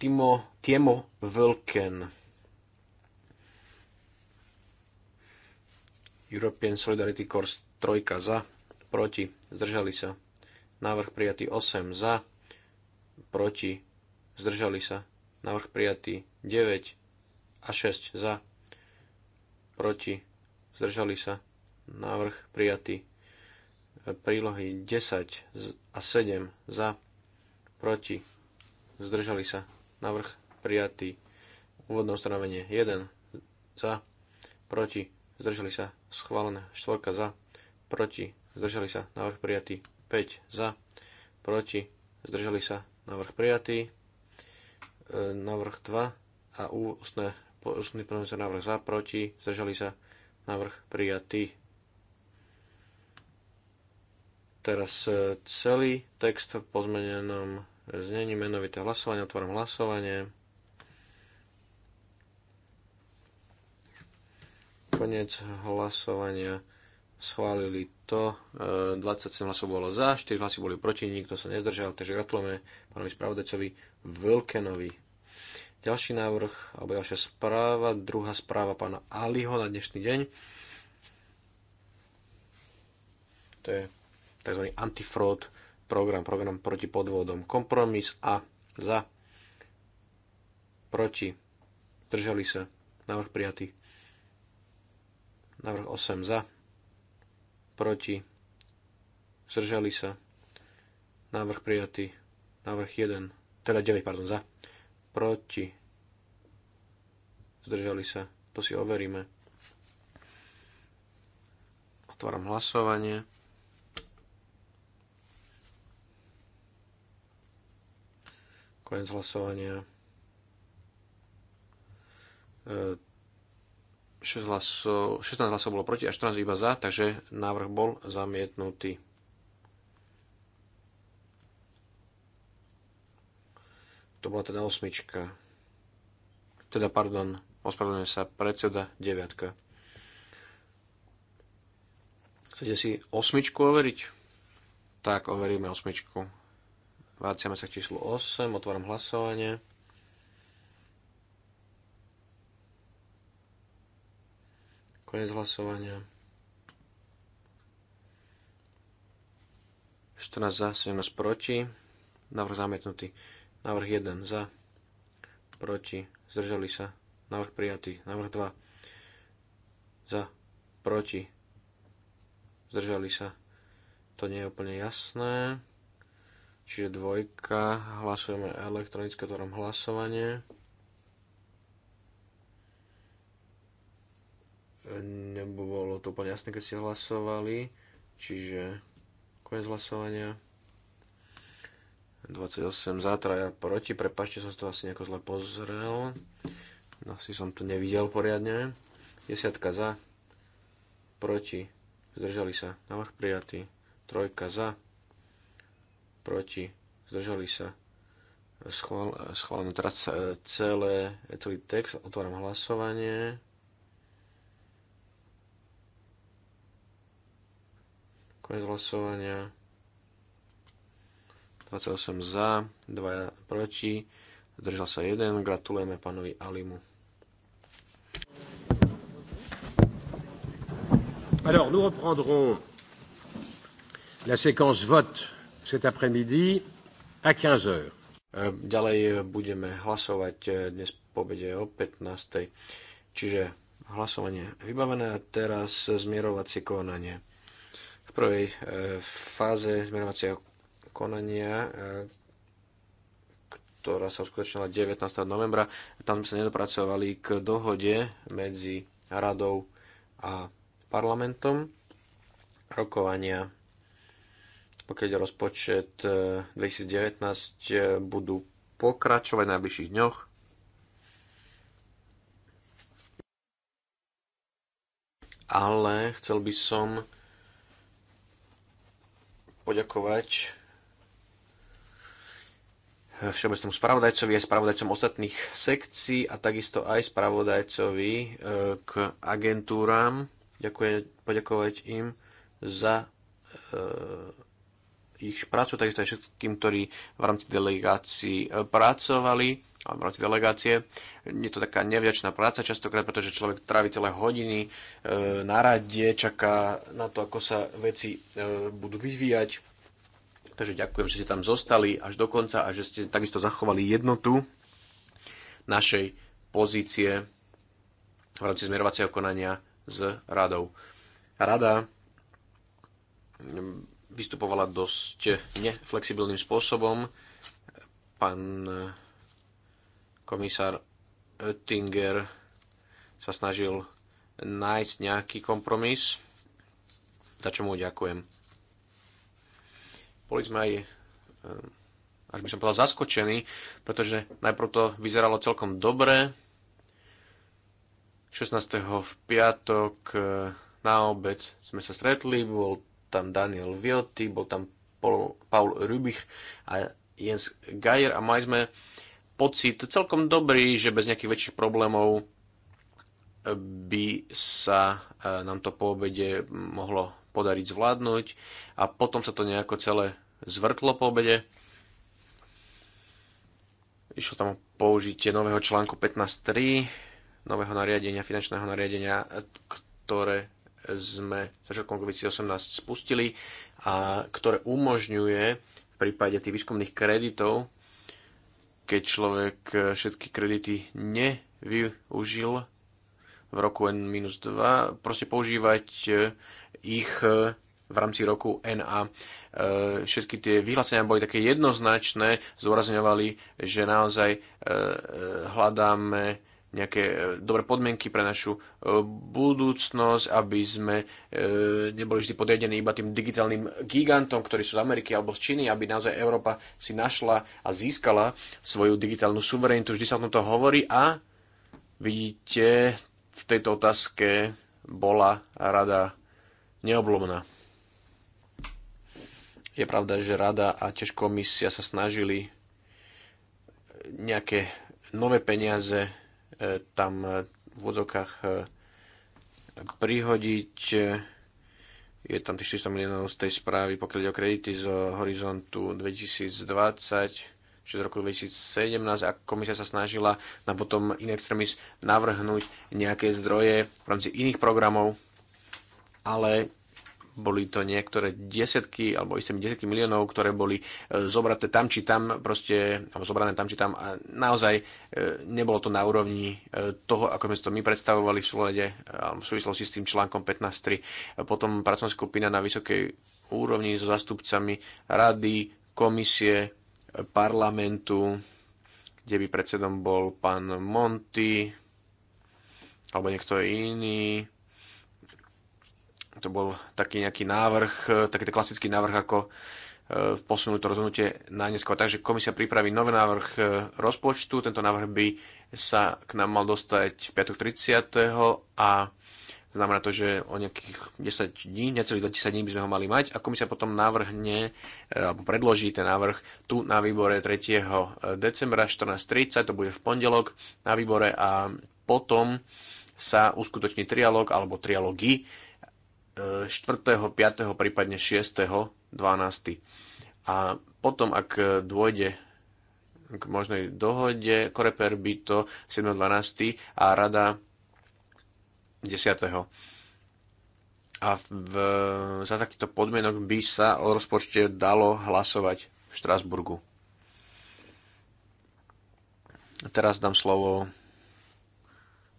[SPEAKER 1] Timo, Timo Vlken. European Solidarity Corps 3 za, proti, zdržali sa. Návrh prijatý 8 za, proti, zdržali sa. Návrh prijatý 9 a 6 za, proti, zdržali sa. Návrh prijatý prílohy 10 a 7 za, proti, zdržali sa, navrh prijatý, úvodné ustanovenie 1 za, proti, zdržali sa, schválené, 4 za, proti, zdržali sa, navrh prijatý, 5 za, proti, zdržali sa, navrh prijatý, e, navrh 2 a ústne, ústne pozmeňujúci návrh za, proti, zdržali sa, navrh prijatý. Teraz e, celý text v pozmenenom znení menovité hlasovanie. Otváram hlasovanie. Konec hlasovania schválili to. 27 e, hlasov bolo za, 4 hlasy boli proti, nikto sa nezdržal, takže gratulujeme pánovi spravodajcovi Vlkenovi. Ďalší návrh, alebo ďalšia správa, druhá správa pána Aliho na dnešný deň. To je tzv. antifraud program, program proti podvodom. Kompromis A za, proti, držali sa, návrh prijatý. Návrh 8 za, proti, zdržali sa, návrh prijatý. Návrh 1, teda 9, pardon, za, proti, zdržali sa, to si overíme. Otváram hlasovanie. Koniec hlasovania. 6 e, hlasov, 16 hlasov bolo proti a 14 iba za, takže návrh bol zamietnutý. To bola teda osmička. Teda, pardon, ospravedlňujem sa predseda deviatka. Chcete si osmičku overiť? Tak, overíme osmičku. Váciame sa k číslu 8, otváram hlasovanie. Konec hlasovania. 14 za, 17 proti. Návrh zamietnutý. Návrh 1 za, proti, zdržali sa. Návrh prijatý. Návrh 2 za, proti, zdržali sa. To nie je úplne jasné. Čiže dvojka, hlasujeme elektronické, otváram hlasovanie. Nebolo to úplne jasné, keď ste hlasovali, čiže koniec hlasovania. 28 za, traja proti, prepačte, som to asi nejako zle pozrel. No, si som to nevidel poriadne. Desiatka za, proti, zdržali sa, návrh prijatý, trojka za, proti, zdržali sa, schválame Teraz e, celé, e, celý text, otváram hlasovanie. Konec hlasovania. 28 za, 2 proti, zdržal sa 1. Gratulujeme pánovi Alimu. Alors, nous reprendrons la séquence vote cet
[SPEAKER 2] après-midi à 15 heures.
[SPEAKER 1] E, ďalej e, budeme hlasovať e, dnes po obede o 15. Čiže hlasovanie vybavené a teraz zmierovacie konanie. V prvej fáze zmierovacieho konania, ktorá sa uskutočnila 19. novembra, tam sme sa nedopracovali k dohode medzi radou a parlamentom. Rokovania pokiaľ ide rozpočet 2019, e, e, budú pokračovať v najbližších dňoch. Ale chcel by som poďakovať všeobecnému spravodajcovi aj spravodajcom ostatných sekcií a takisto aj spravodajcovi e, k agentúram. Ďakujem, poďakovať im za ich prácu, takisto aj všetkým, ktorí v rámci delegácií e, pracovali ale v rámci delegácie. Je to taká nevďačná práca častokrát, pretože človek trávi celé hodiny e, na rade, čaká na to, ako sa veci e, budú vyvíjať. Takže ďakujem, že ste tam zostali až do konca a že ste takisto zachovali jednotu našej pozície v rámci zmierovacieho konania s radou. Rada vystupovala dosť neflexibilným spôsobom. Pán komisár Oettinger sa snažil nájsť nejaký kompromis, za čo mu ďakujem. Boli sme aj, eh, až by som povedal, zaskočení, pretože najprv to vyzeralo celkom dobre. 16. v piatok eh, na obed sme sa stretli, bol tam Daniel Viotti, bol tam Paul, Paul a Jens Geier a mali sme pocit celkom dobrý, že bez nejakých väčších problémov eh, by sa eh, nám to po obede mohlo podariť zvládnuť a potom sa to nejako celé zvrtlo po obede. Išlo tam o použitie nového článku 15.3, nového nariadenia, finančného nariadenia, ktoré sme začiatkom 2018 spustili a ktoré umožňuje v prípade tých výskumných kreditov, keď človek všetky kredity nevyužil v roku N-2, proste používať e, ich e, v rámci roku NA. E, všetky tie vyhlásenia boli také jednoznačné, zdôrazňovali, že naozaj hľadáme nejaké e, dobré podmienky pre našu e, budúcnosť, aby sme e, neboli vždy podriadení iba tým digitálnym gigantom, ktorí sú z Ameriky alebo z Číny, aby naozaj Európa si našla a získala svoju digitálnu suverenitu. Vždy sa o tomto hovorí a vidíte, v tejto otázke bola rada neoblomná. Je pravda, že rada a tiež komisia sa snažili nejaké nové peniaze E, tam e, v úvodzovkách e, prihodiť. Je tam tých 400 miliónov z tej správy, pokiaľ ide o kredity z horizontu 2020 či z roku 2017 a komisia sa snažila na potom in extremis navrhnúť nejaké zdroje v rámci iných programov, ale boli to niektoré desiatky alebo isté desiatky miliónov, ktoré boli e, zobraté tam či tam, proste, alebo zobrané tam či tam a naozaj e, nebolo to na úrovni e, toho, ako sme to my predstavovali v súlede v súvislosti s tým článkom 15.3. Potom pracovná skupina na vysokej úrovni so zastupcami rady, komisie, parlamentu, kde by predsedom bol pán Monty alebo niekto iný to bol taký nejaký návrh, e, taký klasický návrh, ako e, posunúť to rozhodnutie na neskôr. Takže komisia pripraví nový návrh e, rozpočtu. Tento návrh by sa k nám mal dostať v 30. a znamená to, že o nejakých 10 dní, necelých 10 dní by sme ho mali mať a komisia potom navrhne alebo predloží ten návrh tu na výbore 3. decembra 14.30, to bude v pondelok na výbore a potom sa uskutoční trialog alebo trialógy 4., 5., prípadne 6. 12. A potom, ak dôjde k možnej dohode, Koreper by to 12. a Rada 10. A v, za takýchto podmienok by sa o rozpočte dalo hlasovať v Štrasburgu. Teraz dám slovo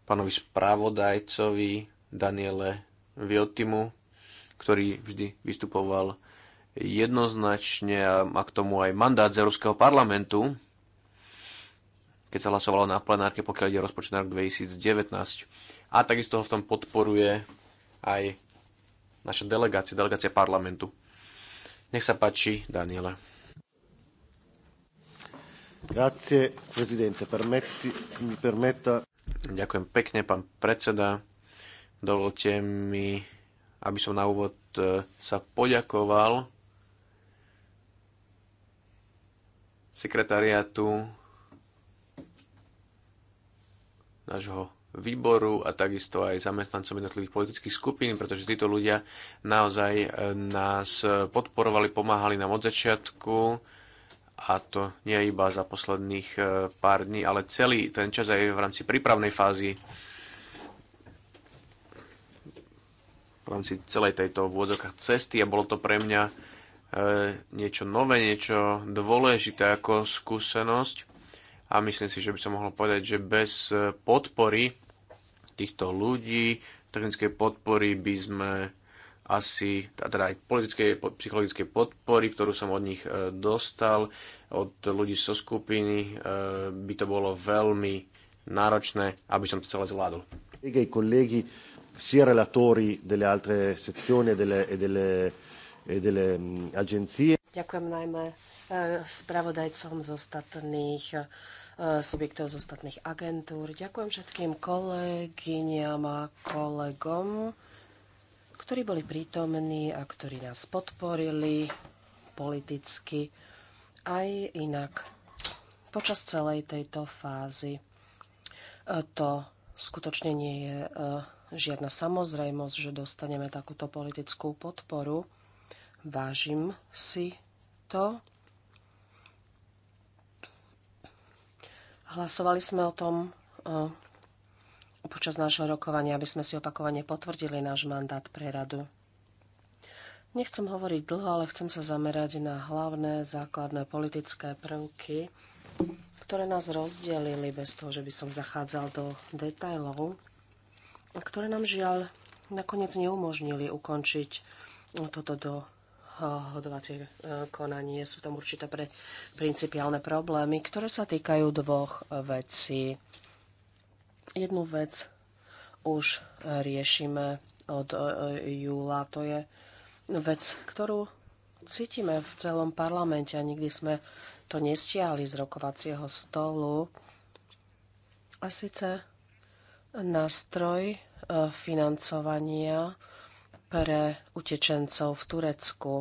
[SPEAKER 1] pánovi správodajcovi Daniele Viotimu, ktorý vždy vystupoval jednoznačne a má k tomu aj mandát z Európskeho parlamentu, keď sa hlasovalo na plenárke, pokiaľ ide rozpočet na rok 2019. A takisto ho v tom podporuje aj naša delegácia, delegácia parlamentu. Nech sa páči, Daniele.
[SPEAKER 3] Grazie, prezidente. Permetti, mi
[SPEAKER 1] permetta... Ďakujem pekne, pán predseda. Dovolte mi, aby som na úvod e, sa poďakoval sekretariátu nášho výboru a takisto aj zamestnancom jednotlivých politických skupín, pretože títo ľudia naozaj e, nás podporovali, pomáhali nám od začiatku a to nie iba za posledných e, pár dní, ale celý ten čas aj v rámci prípravnej fázy rámci celej tejto vôdzokách cesty a bolo to pre mňa e, niečo nové, niečo dôležité ako skúsenosť a myslím si, že by som mohol povedať, že bez e, podpory týchto ľudí, technickej podpory by sme asi, teda aj politickej, psychologickej podpory, ktorú som od nich e, dostal, od ľudí zo skupiny, e, by to bolo veľmi náročné, aby som to celé zvládol.
[SPEAKER 3] Kolegy, kolegy, sia relatori delle altre sezioni e delle, e delle, e delle mh, mm, agenzie. Ďakujem najmä eh, spravodajcom z ostatných eh, subjektov, z ostatných agentúr. Ďakujem všetkým kolegyňam a kolegom, ktorí boli prítomní a ktorí nás podporili politicky aj inak počas celej tejto fázy. Eh, to skutočne nie je žiadna samozrejmosť, že dostaneme takúto politickú podporu. Vážim si to. Hlasovali sme o tom e, počas nášho rokovania, aby sme si opakovane potvrdili náš mandát pre radu. Nechcem hovoriť dlho, ale chcem sa zamerať na hlavné základné politické prvky, ktoré nás rozdelili bez toho, že by som zachádzal do detajlov ktoré nám žiaľ nakoniec neumožnili ukončiť toto do eh, hodovacie eh, konanie. Sú tam určité pre principiálne problémy, ktoré sa týkajú dvoch eh, vecí. Jednu vec už riešime od júla. To je vec, ktorú cítime v celom parlamente a nikdy sme to nestiahli z rokovacieho stolu. A síce nástroj e, financovania pre utečencov v Turecku.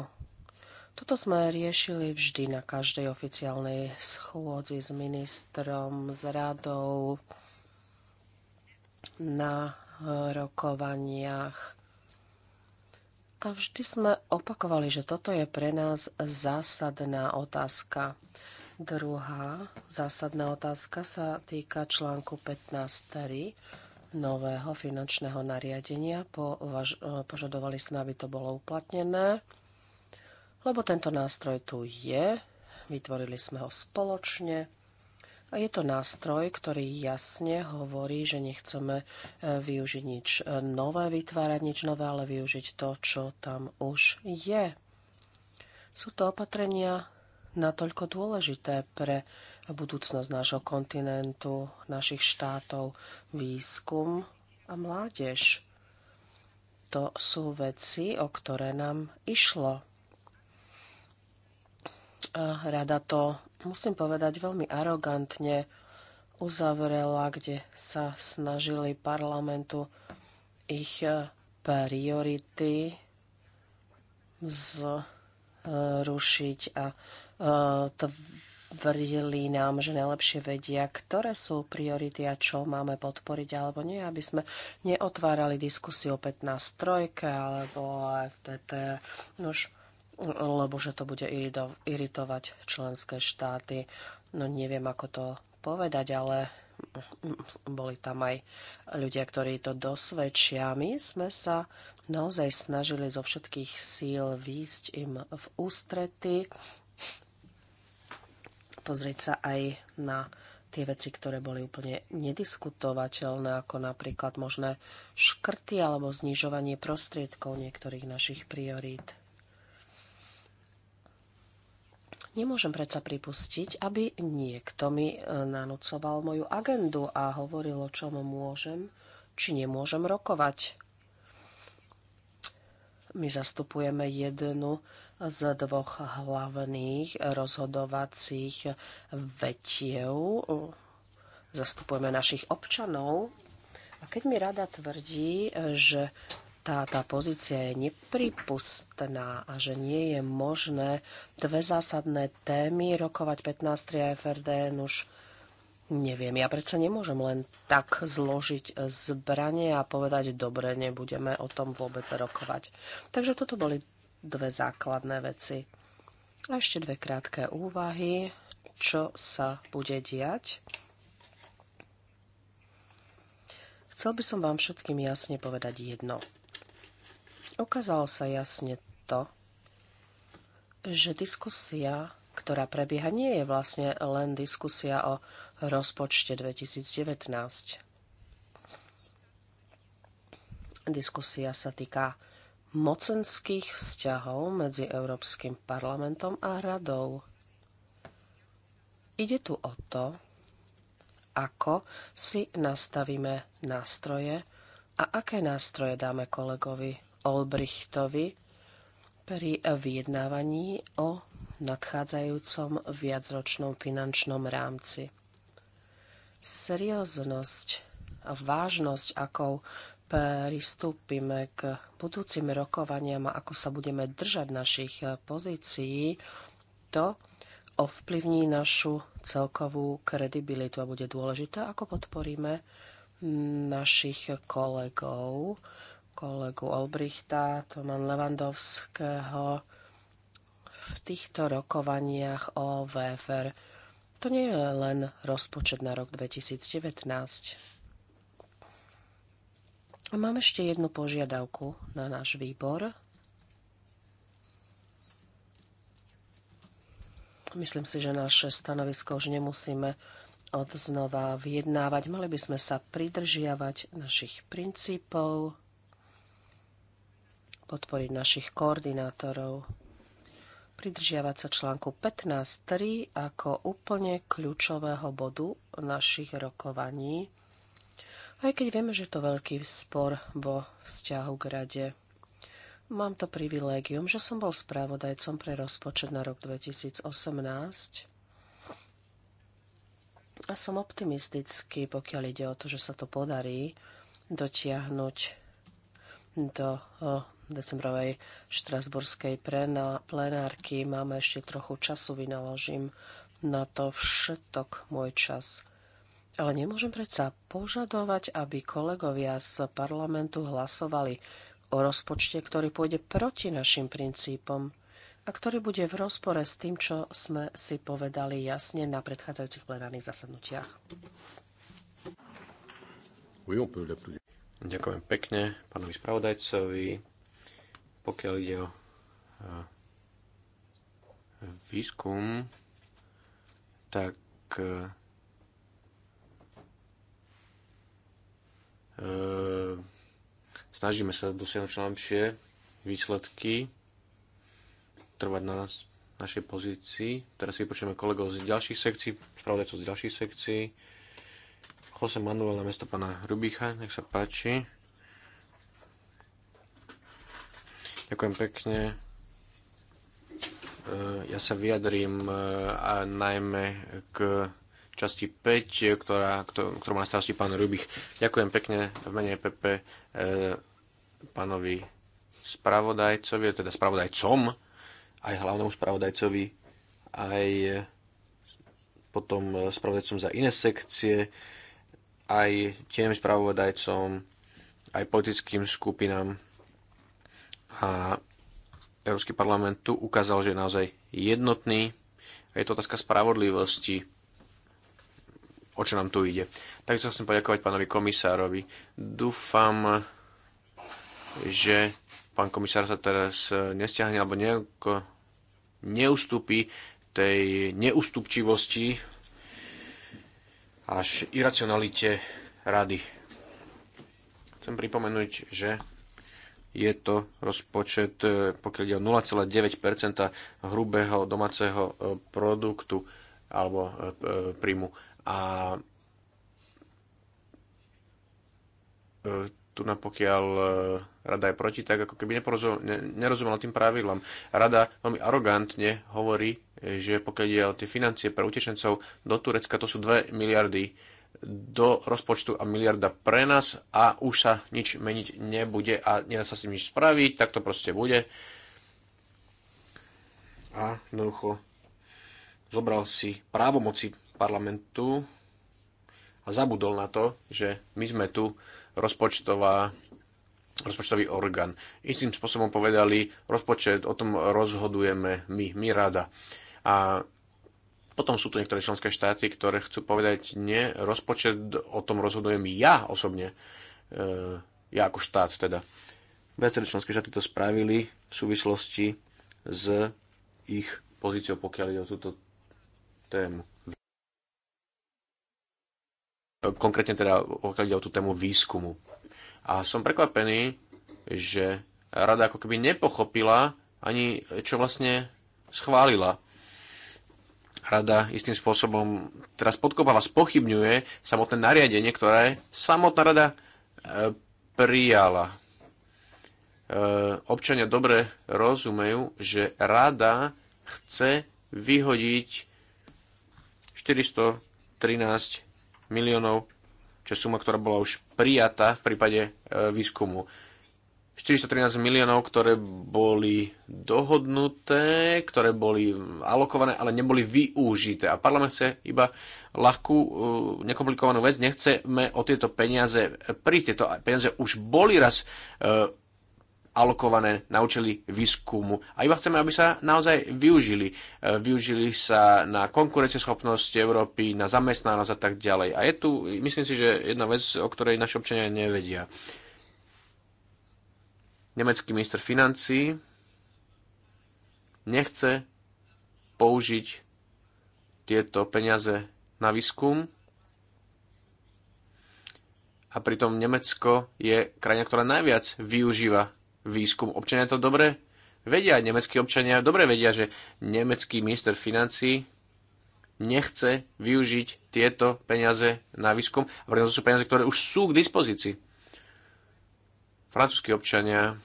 [SPEAKER 3] Toto sme riešili vždy na každej oficiálnej schôdzi s ministrom, s radou, na e, rokovaniach. A vždy sme opakovali, že toto je pre nás zásadná otázka. Druhá zásadná otázka sa týka článku 15 nového finančného nariadenia. E, požadovali sme, aby to bolo uplatnené, lebo tento nástroj tu je, vytvorili sme ho spoločne a je to nástroj, ktorý jasne hovorí, že nechceme e, využiť nič e, nové, vytvárať nič nové, ale využiť to, čo tam už je. Sú to opatrenia, natoľko dôležité pre budúcnosť nášho kontinentu, našich štátov, výskum a mládež. To sú veci, o ktoré nám išlo. A rada to, musím povedať, veľmi arogantne uzavrela, kde sa snažili parlamentu ich e, priority zrušiť e, a tvrdili nám, že najlepšie vedia, ktoré sú priority a čo máme podporiť alebo nie, aby sme neotvárali diskusiu opäť na strojke alebo FTT. Nož, lebo že to bude iritovať členské štáty. No neviem, ako to povedať, ale boli tam aj ľudia, ktorí to dosvedčia. My sme sa naozaj snažili zo všetkých síl výjsť im v ústrety pozrieť sa aj na tie veci, ktoré boli úplne nediskutovateľné, ako napríklad možné škrty alebo znižovanie prostriedkov niektorých našich priorít. Nemôžem predsa pripustiť, aby niekto mi e, nanúcoval moju agendu a hovoril, o čom môžem či nemôžem rokovať. My zastupujeme jednu z dvoch hlavných rozhodovacích vetiev. Zastupujeme našich občanov. A keď mi rada tvrdí, že tá, tá pozícia je nepripustná a že nie je možné dve zásadné témy rokovať 15 a FRDN no už Neviem, ja predsa nemôžem len tak zložiť zbranie a povedať, dobre, nebudeme o tom vôbec rokovať. Takže toto boli dve základné veci. A ešte dve krátke úvahy, čo sa bude diať. Chcel by som vám všetkým jasne povedať jedno. Ukázalo sa jasne to, že diskusia, ktorá prebieha, nie je vlastne len diskusia o rozpočte 2019. Diskusia sa týka mocenských vzťahov medzi Európskym parlamentom a radou. Ide tu o to, ako si nastavíme nástroje a aké nástroje dáme kolegovi Olbrichtovi pri vyjednávaní o nadchádzajúcom viacročnom finančnom rámci. Serióznosť a vážnosť, akou pristúpime k budúcim rokovaniam a ako sa budeme držať našich eh, pozícií, to ovplyvní našu celkovú kredibilitu a bude dôležité, ako podporíme mm, našich kolegov, kolegu Olbrichta, Toman Levandovského v týchto rokovaniach o VFR. To nie je len rozpočet na rok 2019. Mám ešte jednu požiadavku na náš výbor. Myslím si, že naše stanovisko už nemusíme od znova vyjednávať. Mali by sme sa pridržiavať našich princípov, podporiť našich koordinátorov, pridržiavať sa článku 15.3 ako úplne kľúčového bodu našich rokovaní aj keď vieme, že je to veľký spor vo vzťahu k rade. Mám to privilégium, že som bol správodajcom pre rozpočet na rok 2018 a som optimistický, pokiaľ ide o to, že sa to podarí dotiahnuť do decembrovej štrasburskej plenárky. Máme ešte trochu času, vynaložím na to všetok môj čas. Ale nemôžem predsa požadovať, aby kolegovia z parlamentu hlasovali o rozpočte, ktorý pôjde proti našim princípom a ktorý bude v rozpore s tým, čo sme si povedali jasne na predchádzajúcich plenárnych zasadnutiach.
[SPEAKER 1] Ďakujem pekne pánovi spravodajcovi. Pokiaľ ide o e, výskum, tak e, E, snažíme sa dosiahnuť čo najlepšie výsledky, trvať na nás, našej pozícii. Teraz si počujeme kolegov z ďalších sekcií, spravodajcov z ďalších sekcií. Jose Manuel na mesto pána Rubicha, nech sa páči. Ďakujem pekne. E, ja sa vyjadrím e, najmä k časti 5, e, ktorá, ktorú má starosti pán Rubich. Ďakujem pekne v mene PP e, pánovi spravodajcovi, teda spravodajcom, aj hlavnom spravodajcovi, aj e, potom spravodajcom za iné sekcie, aj tiem spravodajcom, aj politickým skupinám. A Európsky parlament tu ukázal, že je naozaj jednotný. A je to otázka spravodlivosti o čo nám tu ide. Takže chcem poďakovať pánovi komisárovi. Dúfam, že pán komisár sa teraz nestiahne alebo nejako neustúpi tej neustupčivosti až iracionalite rady. Chcem pripomenúť, že je to rozpočet, e, pokiaľ ide o 0,9 hrubého domáceho e, produktu alebo e, príjmu a e, tu napokiaľ e, rada je proti, tak ako keby nerozumela tým pravidlám. Rada veľmi arogantne hovorí, že pokiaľ ide o tie financie pre utečencov do Turecka, to sú 2 miliardy do rozpočtu a miliarda pre nás a už sa nič meniť nebude a nedá sa s tým nič spraviť, tak to proste bude. A jednoducho zobral si právomoci parlamentu a zabudol na to, že my sme tu rozpočtová rozpočtový orgán. Istým spôsobom povedali, rozpočet o tom rozhodujeme my, my rada. A potom sú tu niektoré členské štáty, ktoré chcú povedať, nie, rozpočet o tom rozhodujem ja osobne, e, ja ako štát teda. Viaceré členské štáty to spravili v súvislosti s ich pozíciou, pokiaľ ide o túto tému konkrétne teda pokiaľ ide o tú tému výskumu. A som prekvapený, že rada ako keby nepochopila ani čo vlastne schválila. Rada istým spôsobom teraz podkopáva, spochybňuje samotné nariadenie, ktoré samotná rada e, prijala. E, občania dobre rozumejú, že rada chce vyhodiť 413 miliónov, čo suma, ktorá bola už prijatá v prípade e, výskumu. 413 miliónov, ktoré boli dohodnuté, ktoré boli alokované, ale neboli využité. A parlament chce iba ľahkú, e, nekomplikovanú vec. Nechceme o tieto peniaze prísť. Tieto peniaze už boli raz e, alokované na účely výskumu. A iba chceme, aby sa naozaj využili. E, využili sa na konkurencieschopnosť Európy, na zamestnanosť a tak ďalej. A je tu, myslím si, že jedna vec, o ktorej naši občania nevedia. Nemecký minister financí nechce použiť tieto peniaze na výskum, a pritom Nemecko je krajina, ktorá najviac využíva výskum. Občania to dobre vedia, nemeckí občania dobre vedia, že nemecký minister financí nechce využiť tieto peniaze na výskum, a preto sú peniaze, ktoré už sú k dispozícii. Francúzskí občania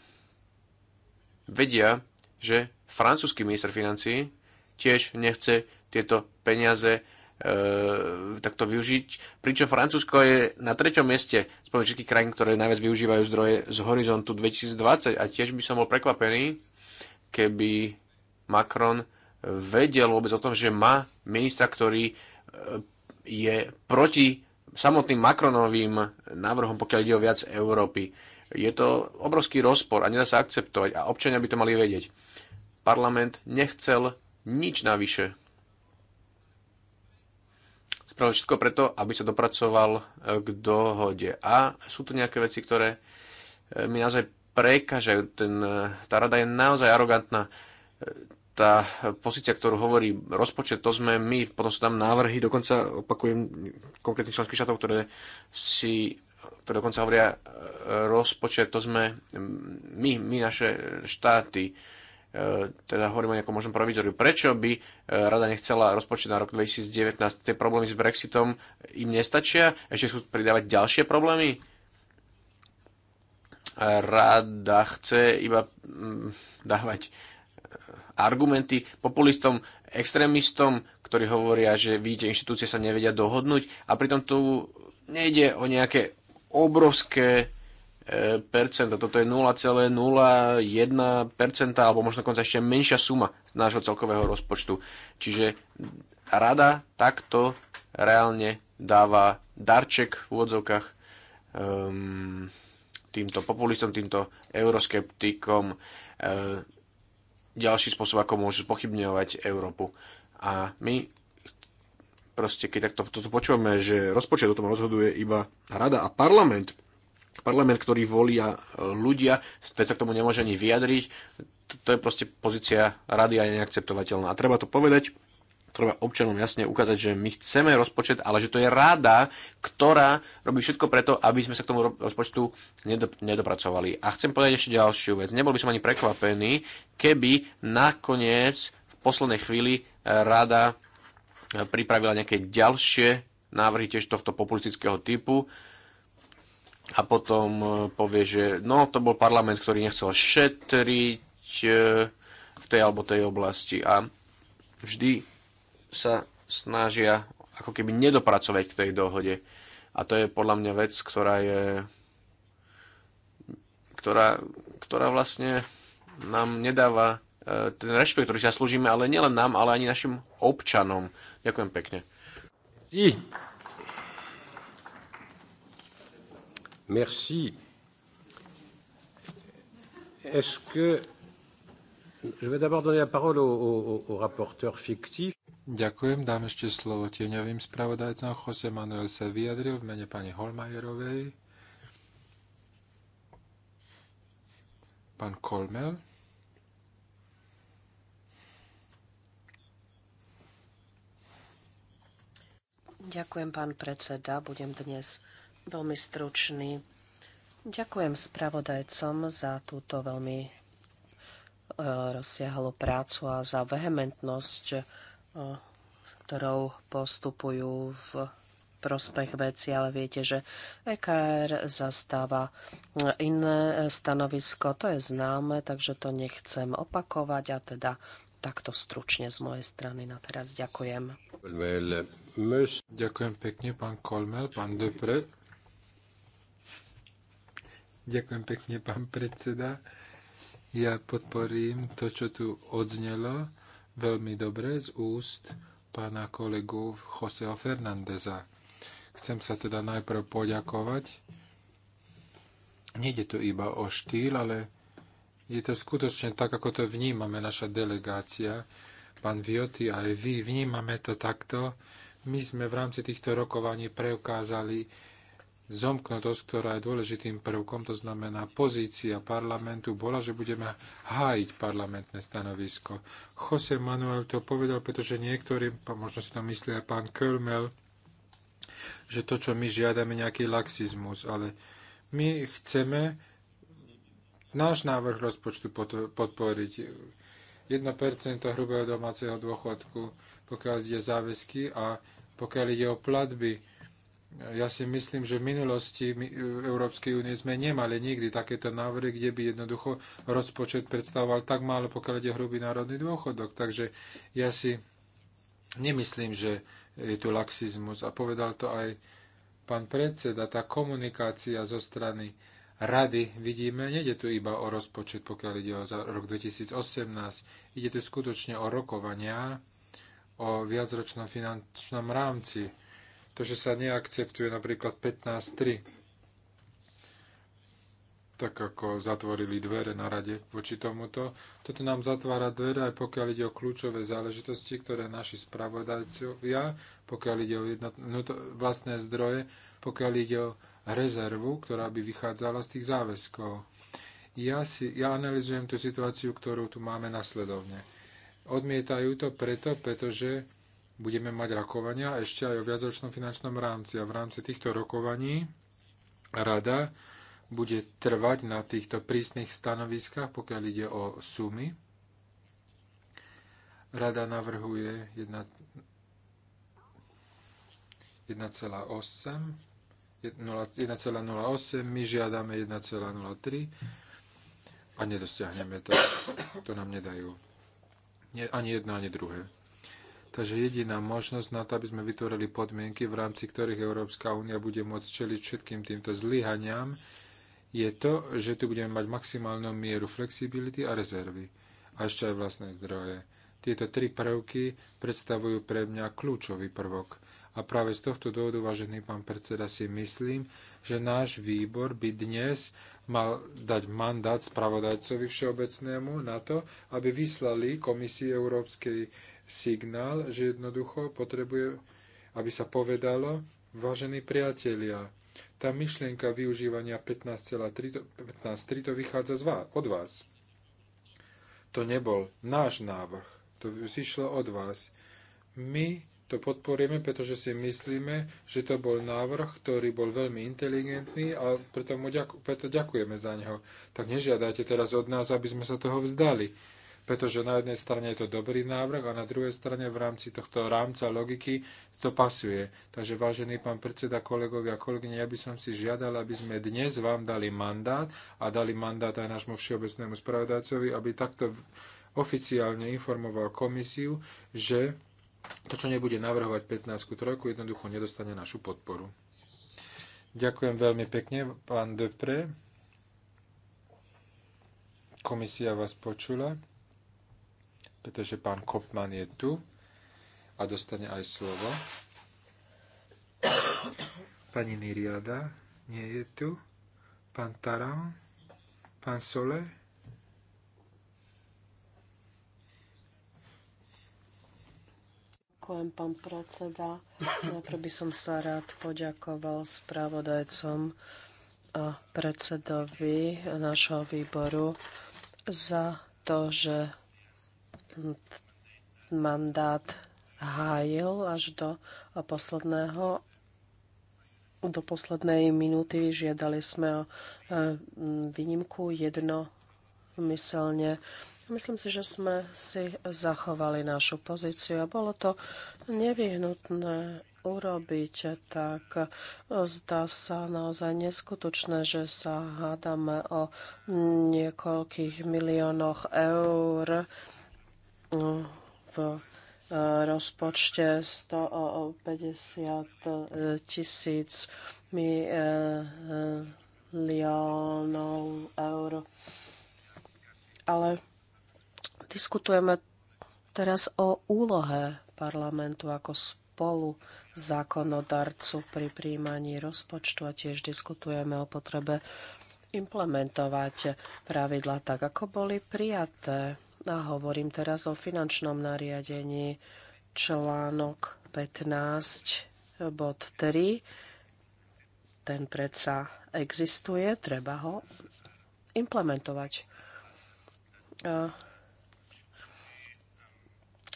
[SPEAKER 1] vedia, že francúzsky minister financí tiež nechce tieto peniaze E, takto využiť, pričom Francúzsko je na treťom mieste z všetkých krajín, ktoré najviac využívajú zdroje z horizontu 2020 a tiež by som bol prekvapený, keby Macron vedel vôbec o tom, že má ministra, ktorý e, je proti samotným Macronovým návrhom, pokiaľ ide o viac Európy. Je to obrovský rozpor a nedá sa akceptovať a občania by to mali vedieť. Parlament nechcel nič navyše spravil všetko preto, aby sa dopracoval e, k dohode. A sú tu nejaké veci, ktoré e, mi naozaj prekážajú. Ten, e, tá rada je naozaj arogantná. Tá pozícia, ktorú hovorí rozpočet, to sme my, potom sú tam návrhy, dokonca opakujem konkrétne členských štátov, ktoré si ktoré dokonca hovoria rozpočet, to sme my, my naše štáty E, teda hovorím o nejakom možnom provizoriu. Prečo by e, rada nechcela rozpočet na rok 2019? Tie problémy s Brexitom im nestačia? Ešte sú pridávať ďalšie problémy? Rada chce iba mm, dávať e, argumenty populistom, extrémistom, ktorí hovoria, že vidíte, inštitúcie sa nevedia dohodnúť a pritom tu nejde o nejaké obrovské percenta. Toto je 0,01 percenta, alebo možno dokonca ešte menšia suma z nášho celkového rozpočtu. Čiže rada takto reálne dáva darček v úvodzovkách um, týmto populistom, týmto euroskeptikom uh, um, ďalší spôsob, ako môžu pochybňovať Európu. A my proste, keď takto toto počúvame, že rozpočet o tom rozhoduje iba rada a parlament, parlament, ktorý volia e, ľudia, ten sa k tomu nemôže ani vyjadriť. To je proste pozícia rady a je neakceptovateľná. A treba to povedať, treba občanom jasne ukázať, že my chceme rozpočet, ale že to je rada, ktorá robí všetko preto, aby sme sa k tomu rozpočtu nedopracovali. A chcem povedať ešte ďalšiu vec. Nebol by som ani prekvapený, keby nakoniec v poslednej chvíli e, rada e, pripravila nejaké ďalšie návrhy tiež tohto populistického typu, a potom e, povie, že no, to bol parlament, ktorý nechcel šetriť e, v tej alebo tej oblasti a vždy sa snažia ako keby nedopracovať k tej dohode. A to je podľa mňa vec, ktorá je ktorá, ktorá vlastne nám nedáva e, ten rešpekt, ktorý sa slúžime, ale nielen nám, ale ani našim občanom. Ďakujem pekne.
[SPEAKER 2] Merci. Est-ce que je vais d'abord donner la parole au, au, au rapporteur fictif. Ďakujem, dám ešte slovo tieňovým spravodajcom. Jose Manuel sa vyjadril v mene pani Holmajerovej. Pán Kolmel.
[SPEAKER 3] Ďakujem, pán predseda. Budem dnes veľmi stručný. Ďakujem spravodajcom za túto veľmi e, rozsiahlu prácu a za vehementnosť, e, ktorou postupujú v prospech veci, ale viete, že EKR zastáva e, iné stanovisko, to je známe, takže to nechcem opakovať a teda takto stručne z mojej strany na teraz ďakujem.
[SPEAKER 2] Ďakujem pekne, pán Kolmel, pán Depre. Ďakujem pekne, pán predseda. Ja podporím to, čo tu odznelo veľmi dobre z úst pána kolegu Joseho Fernandeza. Chcem sa teda najprv poďakovať. Nede to iba o štýl, ale je to skutočne tak, ako to vnímame naša delegácia. Pán Vioty a aj vy vnímame to takto. My sme v rámci týchto rokovaní preukázali zomknutosť, ktorá je dôležitým prvkom, to znamená pozícia parlamentu bola, že budeme hájiť parlamentné stanovisko. Jose Manuel to povedal, pretože niektorí, možno si to myslí aj pán Kölmel, že to, čo my žiadame, nejaký laxizmus, ale my chceme náš návrh rozpočtu podporiť. 1% hrubého domáceho dôchodku, pokiaľ ide záväzky a pokiaľ ide o platby, ja si myslím, že v minulosti my, e, v Európskej únie sme nemali nikdy takéto návrhy, kde by jednoducho rozpočet predstavoval tak málo, pokiaľ ide hrubý národný dôchodok. Takže ja si nemyslím, že je tu laxizmus. A povedal to aj pán predseda, tá komunikácia zo strany rady vidíme, nejde tu iba o rozpočet, pokiaľ ide o za rok 2018, ide tu skutočne o rokovania, o viacročnom finančnom rámci to, že sa neakceptuje napríklad 15.3 tak ako zatvorili dvere na rade voči tomuto. Toto nám zatvára dvere aj pokiaľ ide o kľúčové záležitosti, ktoré naši spravodajcovia, pokiaľ ide o jednot- vlastné zdroje, pokiaľ ide o rezervu, ktorá by vychádzala z tých záväzkov. Ja, si, ja analizujem tú situáciu, ktorú tu máme nasledovne. Odmietajú to preto, pretože budeme mať rokovania ešte aj o viacročnom finančnom rámci. A v rámci týchto rokovaní rada bude trvať na týchto prísnych stanoviskách, pokiaľ ide o sumy. Rada navrhuje 1,8, 1,08, my žiadame 1,03 a nedosiahneme to. To nám nedajú. ani jedno, ani druhé. Takže jediná možnosť na to, aby sme vytvorili podmienky, v rámci ktorých Európska únia bude môcť čeliť všetkým týmto zlyhaniam, je to, že tu budeme mať maximálnu mieru flexibility a rezervy a ešte aj vlastné zdroje. Tieto tri prvky predstavujú pre mňa kľúčový prvok. A práve z tohto dôvodu, vážený pán predseda, si myslím, že náš výbor by dnes mal dať mandát spravodajcovi všeobecnému na to, aby vyslali Komisii Európskej signál, že jednoducho potrebuje, aby sa povedalo, vážení priatelia, tá myšlienka využívania 15.3 to, 15 to vychádza z vás, od vás. To nebol náš návrh, to vyšlo od vás. My to podporujeme, pretože si myslíme, že to bol návrh, ktorý bol veľmi inteligentný a preto, mu ďaku, preto ďakujeme za neho. Tak nežiadajte teraz od nás, aby sme sa toho vzdali pretože na jednej strane je to dobrý návrh a na druhej strane v rámci tohto rámca logiky to pasuje. Takže vážený pán predseda, kolegovia a kolegyne, ja by som si žiadal, aby sme dnes vám dali mandát a dali mandát aj nášmu všeobecnému spravodajcovi, aby takto oficiálne informoval komisiu, že to, čo nebude navrhovať 15 trojku, jednoducho nedostane našu podporu. Ďakujem veľmi pekne, pán Depre. Komisia vás počula pretože pán Kopman je tu a dostane aj slovo. Pani Niriada nie je tu. Pán Taram, pán Sole. Ďakujem,
[SPEAKER 3] pán predseda. Najprv by som sa rád poďakoval spravodajcom a predsedovi nášho výboru za to, že mandát hájil až do posledného do poslednej minúty žiadali sme o e, výnimku jednomyselne. Myslím si, že sme si zachovali našu pozíciu a bolo to nevyhnutné urobiť, tak zdá sa naozaj neskutočné, že sa hádame o niekoľkých miliónoch eur v eh, rozpočte 150 eh, tisíc miliónov eh, eur. Ale diskutujeme teraz o úlohe parlamentu ako spolu zákonodarcu pri príjmaní rozpočtu a tiež diskutujeme o potrebe implementovať pravidla tak, ako boli prijaté. A hovorím teraz o finančnom nariadení článok 15 bod 3. Ten predsa existuje, treba ho implementovať. A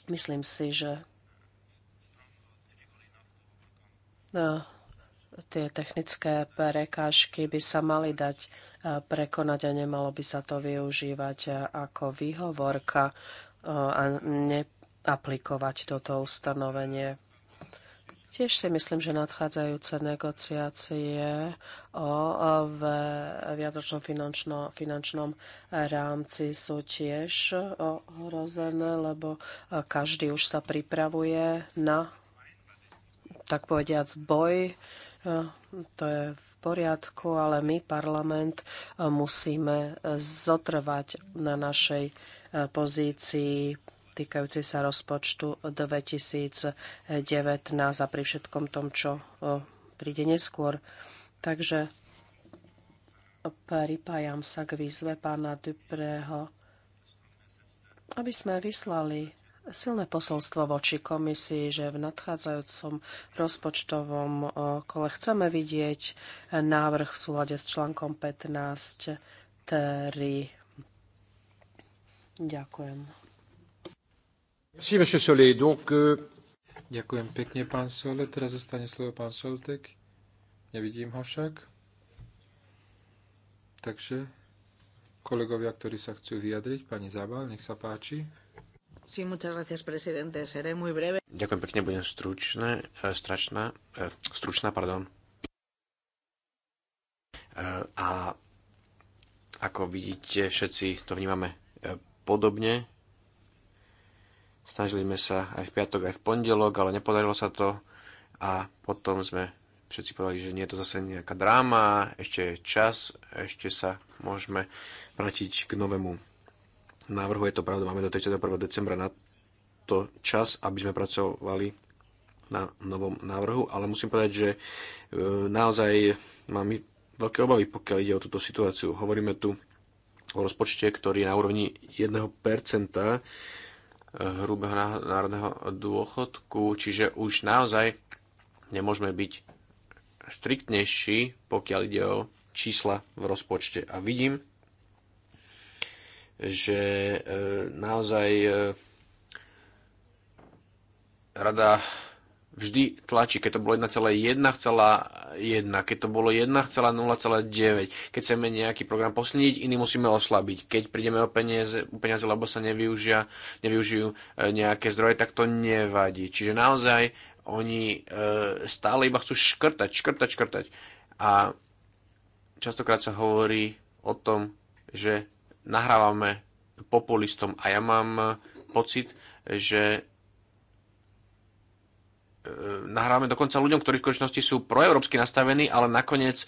[SPEAKER 3] myslím si, že tie technické prekážky by sa mali dať e, prekonať a nemalo by sa to využívať e, ako výhovorka e, a neaplikovať toto ustanovenie. Tiež si myslím, že nadchádzajúce negociácie o v viacročnom finančno, finančnom rámci sú tiež ohrozené, lebo každý už sa pripravuje na tak povediac boj Eh, to je v poriadku, ale my, parlament, eh, musíme eh, zotrvať na našej pozícii týkajúcej sa rozpočtu 2019 a pri všetkom tom, čo príde neskôr. Takže pripájam sa k výzve pána Dupreho, aby sme vyslali silné posolstvo voči komisii, že v nadchádzajúcom rozpočtovom eh, kole chceme vidieť návrh v súlade s článkom 15.3. Ďakujem.
[SPEAKER 2] Euh, Ďakujem pekne, pán Sole. Teraz zostane slovo pán Soltek. Nevidím ho však. Takže kolegovia, ktorí sa chcú vyjadriť, pani Zabal, nech sa páči. Sí, muchas gracias, presidente. Seré muy breve. Ďakujem
[SPEAKER 1] pekne, budem e, stračná, e, stručná, pardon. E, a ako vidíte, všetci to vnímame podobne. Snažili sme sa aj v piatok, aj v pondelok, ale nepodarilo sa to. A potom sme všetci povedali, že nie je to zase nejaká dráma, ešte je čas, ešte sa môžeme vrátiť k novému návrhu. Je to pravda, máme do 31. decembra na to čas, aby sme pracovali na novom návrhu, ale musím povedať, že e, naozaj máme veľké obavy, pokiaľ ide o túto situáciu. Hovoríme tu o rozpočte, ktorý je na úrovni 1% e, hrubého národného dôchodku, čiže už naozaj nemôžeme byť striktnejší, pokiaľ ide o čísla v rozpočte. A vidím, že e, naozaj e, rada vždy tlačí, keď to bolo 1,1,1, keď to bolo 1,0,9. Keď chceme nejaký program posilniť, iný musíme oslabiť. Keď prídeme o peniaze, o peniaze lebo sa nevyužia, nevyužijú e, nejaké zdroje, tak to nevadí. Čiže naozaj oni stále iba chcú škrtať, škrtať, škrtať. A častokrát sa hovorí o tom, že nahrávame populistom a ja mám eh, pocit, že eh, nahrávame dokonca ľuďom, ktorí v skutočnosti sú proeurópsky nastavení, ale nakoniec e,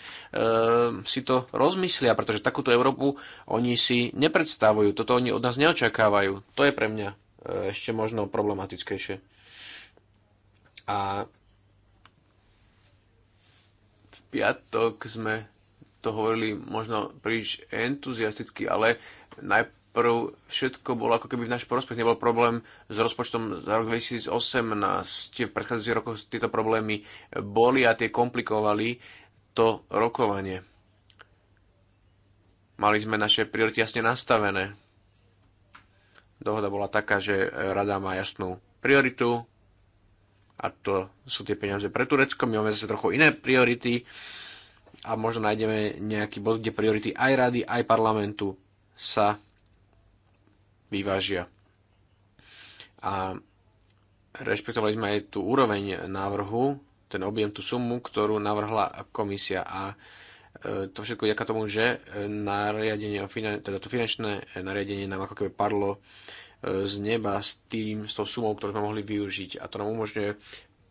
[SPEAKER 1] si to rozmyslia, pretože takúto Európu oni si nepredstavujú, toto oni od nás neočakávajú. To je pre mňa ešte možno problematickejšie. A v piatok sme to hovorili možno príliš entuziasticky, ale najprv všetko bolo ako keby v náš prospech. Nebol problém s rozpočtom za rok 2018. V predchádzajúcich rokoch tieto problémy boli a tie komplikovali to rokovanie. Mali sme naše priority jasne nastavené. Dohoda bola taká, že rada má jasnú prioritu a to sú tie peniaze pre Turecko. My máme zase trochu iné priority a možno nájdeme nejaký bod, kde priority aj rady, aj parlamentu sa vyvážia. A rešpektovali sme aj tú úroveň návrhu, ten objem, tú sumu, ktorú navrhla komisia a e, to všetko ďaká tomu, že nariadenie, teda to finančné nariadenie nám ako keby padlo e, z neba s tým, s tou sumou, ktorú sme mohli využiť. A to nám umožňuje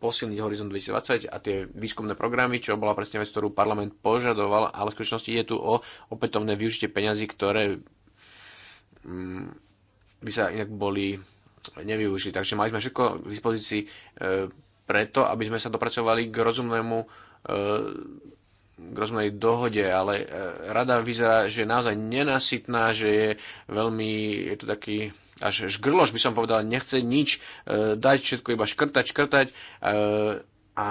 [SPEAKER 1] posilniť Horizon 2020 a tie výskumné programy, čo bola presne vec, ktorú parlament požadoval, ale v skutočnosti je tu o opätovné využitie peňazí, ktoré mm, by sa inak boli nevyužili. Takže mali sme všetko k dispozícii e, preto, aby sme sa dopracovali k rozumnému e, k rozumnej dohode, ale e, rada vyzerá, že je naozaj nenasytná, že je veľmi, je to taký až žgrloš by som povedal, nechce nič e, dať, všetko iba škrtať, škrtať e, a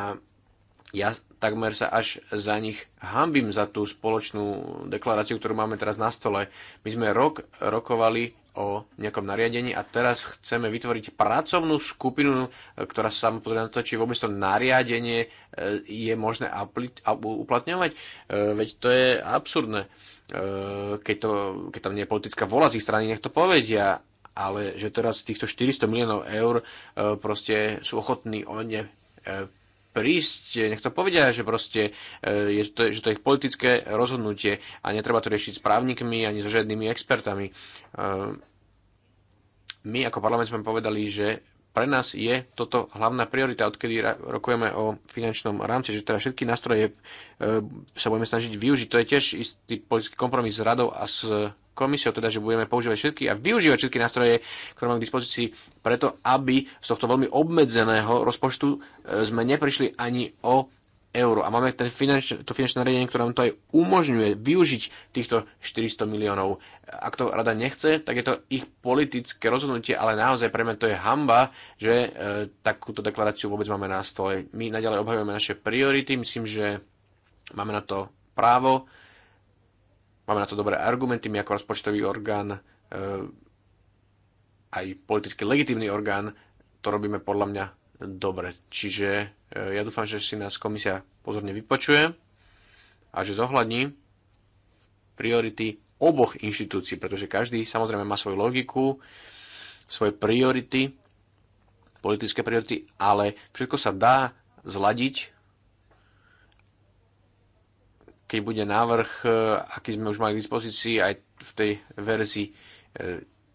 [SPEAKER 1] ja takmer sa až za nich hambím za tú spoločnú deklaráciu, ktorú máme teraz na stole. My sme rok rokovali o nejakom nariadení a teraz chceme vytvoriť pracovnú skupinu, ktorá sa samozrejme na to, či vôbec to nariadenie e, je možné uplatňovať. E, veď to je absurdné. E, keď, to, keď tam nie je politická vola z ich strany, nech to povedia ale že teraz týchto 400 miliónov eur e, proste sú ochotní o ne e, prísť, nech to povedia, že proste e, je to, že to je ich politické rozhodnutie a netreba to riešiť s právnikmi ani so žiadnymi expertami. My ako parlament sme povedali, že pre nás je toto hlavná priorita, odkedy rokujeme o finančnom rámci, že teda všetky nástroje e, sa budeme snažiť využiť. To je tiež istý politický kompromis s radou a s komisiou, teda že budeme používať všetky a využívať všetky nástroje, ktoré máme k dispozícii, preto aby z tohto veľmi obmedzeného rozpočtu e, sme neprišli ani o eur. A máme ten finanč, to finančné nariadenie, ktoré nám to aj umožňuje využiť týchto 400 miliónov. Ak to rada nechce, tak je to ich politické rozhodnutie, ale naozaj pre mňa to je hamba, že e, takúto deklaráciu vôbec máme na stole. My naďalej obhajujeme naše priority, myslím, že máme na to právo, máme na to dobré argumenty, my ako rozpočtový orgán, e, aj politicky legitímny orgán, to robíme podľa mňa dobre. Čiže e, ja dúfam, že si nás komisia pozorne vypočuje a že zohľadní priority oboch inštitúcií, pretože každý samozrejme má svoju logiku, svoje priority, politické priority, ale všetko sa dá zladiť, keď bude návrh, e, aký sme už mali k dispozícii aj v tej verzii e,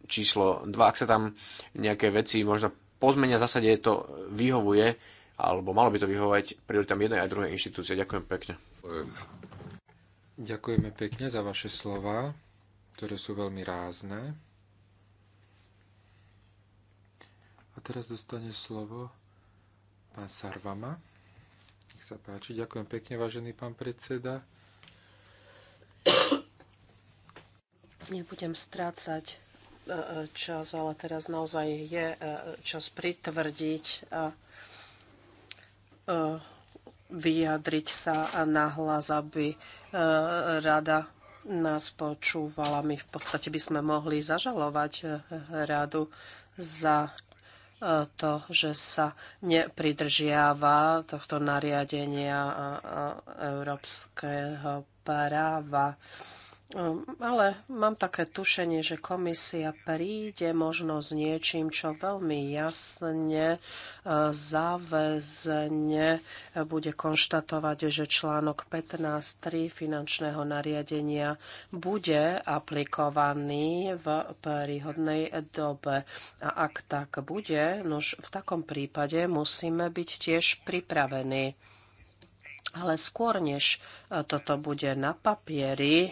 [SPEAKER 1] číslo 2, ak sa tam nejaké veci možno pozmenia, v zásade to vyhovuje, alebo malo by to vyhovovať prioritám jednej aj druhej inštitúcie. Ďakujem pekne.
[SPEAKER 2] Ďakujeme pekne za vaše slova, ktoré sú veľmi rázne. A teraz dostane slovo pán Sarvama. Nech sa páči. Ďakujem pekne, vážený pán predseda.
[SPEAKER 3] Nebudem strácať čas, ale teraz naozaj je e, čas pritvrdiť a e, vyjadriť sa nahlas, aby e, rada nás počúvala. My v podstate by sme mohli zažalovať radu za to, že sa nepridržiava tohto nariadenia európskeho práva. Ehm, ale mám také tušenie, že komisia príde možno s niečím, čo veľmi jasne, eh, záväzne eh, bude konštatovať, že článok 15.3 finančného nariadenia bude aplikovaný v príhodnej dobe. A ak tak bude, nož v takom prípade musíme byť tiež pripravení. Ale skôr, než e, toto bude na papieri, e,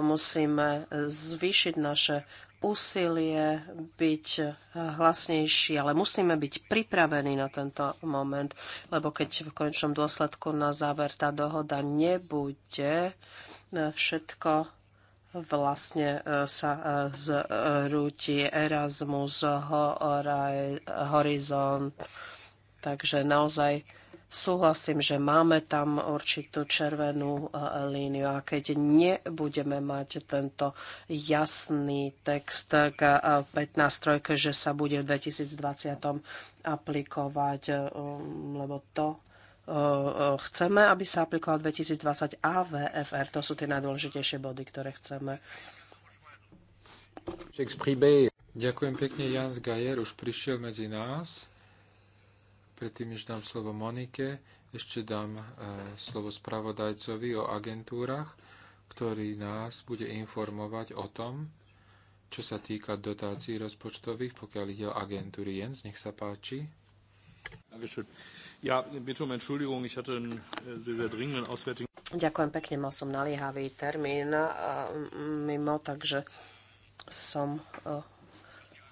[SPEAKER 3] musíme zvýšiť naše úsilie byť hlasnejší, ale musíme byť pripravení na tento moment, lebo keď v končnom dôsledku na záver tá dohoda nebude, e, všetko vlastne sa zrúti Erasmus, Horizon. Takže naozaj súhlasím, že máme tam určitú červenú e, líniu a keď nebudeme mať tento jasný text k 15 e, že sa bude v 2020 aplikovať, e, um, lebo to chceme, aby sa aplikoval 2020 a VFR. To sú tie najdôležitejšie body, ktoré chceme.
[SPEAKER 2] Ďakujem pekne, Jans Gajer už prišiel medzi nás predtým, než dám slovo Monike, ešte dám e, slovo spravodajcovi o agentúrach, ktorý nás bude informovať o tom, čo sa týka dotácií rozpočtových, pokiaľ ide o agentúry. Jens, nech sa páči. Um äh,
[SPEAKER 3] Ďakujem pekne, mal som naliehavý termín mimo, takže som e,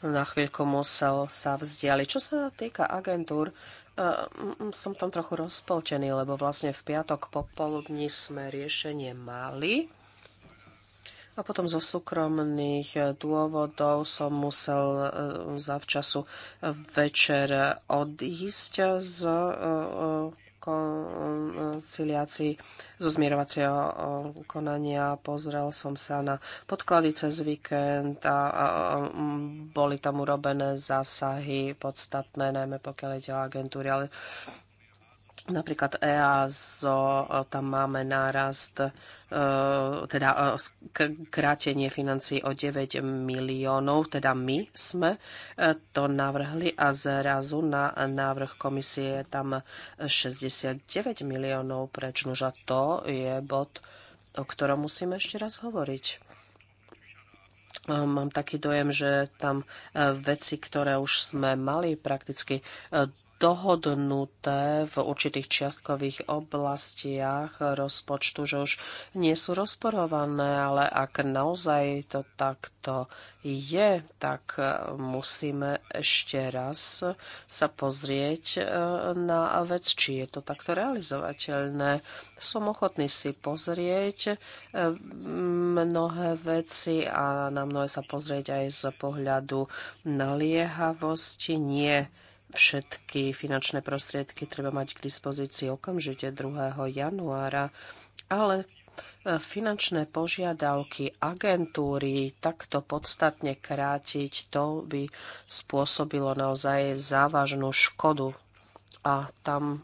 [SPEAKER 3] na chvíľku musel sa vzdialiť. Čo sa týka agentúr, Ehm, som tam trochu rozpoltený, lebo vlastne v piatok popoludní sme riešenie mali. A potom zo súkromných e, dôvodov som musel e, zavčasu večer odísť z e, konciliácii zo zmierovacieho konania. Pozrel som sa na podklady cez víkend a boli tam urobené zásahy podstatné, najmä pokiaľ ide o agentúry, ale Napríklad EASO, e, tam máme nárast, e, teda e, krátenie financí o 9 miliónov, teda my sme to navrhli a zrazu na návrh komisie je tam 69 miliónov preč. Nož a to je bod, o ktorom musíme ešte raz hovoriť. Mám taký dojem, že tam veci, ktoré už sme mali prakticky dohodnuté v určitých čiastkových oblastiach rozpočtu, že už nie sú rozporované, ale ak naozaj to takto je, tak e, musíme ešte raz sa pozrieť e, na vec, či je to takto realizovateľné. Som ochotný si pozrieť e, mnohé veci a na mnohé sa pozrieť aj z pohľadu naliehavosti. Nie všetky finančné prostriedky treba mať k dispozícii okamžite 2. januára, ale e, finančné požiadavky agentúry takto podstatne krátiť, to by spôsobilo naozaj závažnú škodu. A tam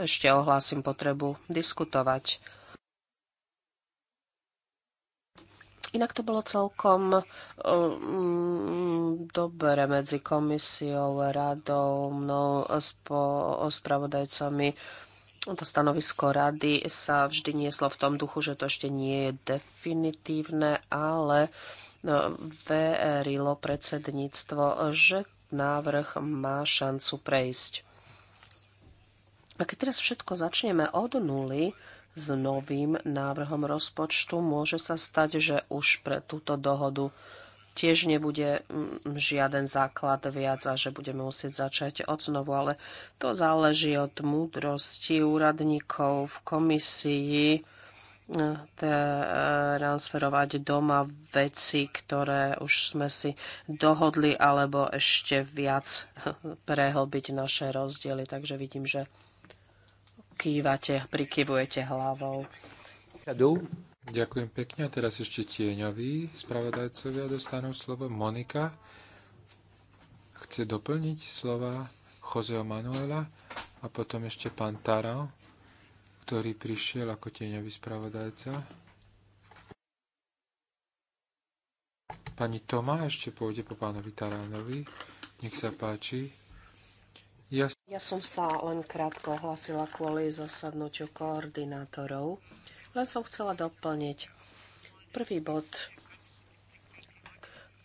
[SPEAKER 3] ešte ohlásim potrebu diskutovať. Inak to bolo celkom um, dobre medzi komisiou, radou, mnou, spo, spravodajcami. To stanovisko rady sa vždy nieslo v tom duchu, že to ešte nie je definitívne, ale no, verilo predsedníctvo, že návrh má šancu prejsť. A keď teraz všetko začneme od nuly, s novým návrhom rozpočtu môže sa stať, že už pre túto dohodu tiež nebude mm, žiaden základ viac a že budeme musieť začať od znovu, ale to záleží od múdrosti úradníkov v komisii eh, transferovať doma veci, ktoré už sme si dohodli, alebo ešte viac prehlbiť naše rozdiely. Takže vidím, že kývate,
[SPEAKER 2] prikyvujete hlavou. Ďakujem pekne. A teraz ešte tieňoví spravodajcovia dostanú slovo. Monika chce doplniť slova Joseho Manuela a potom ešte pán Taro, ktorý prišiel ako tieňový spravodajca. Pani Toma ešte pôjde po pánovi Taránovi. Nech sa páči.
[SPEAKER 3] Ja som sa len krátko ohlasila kvôli zasadnutiu koordinátorov. Len som chcela doplniť prvý bod,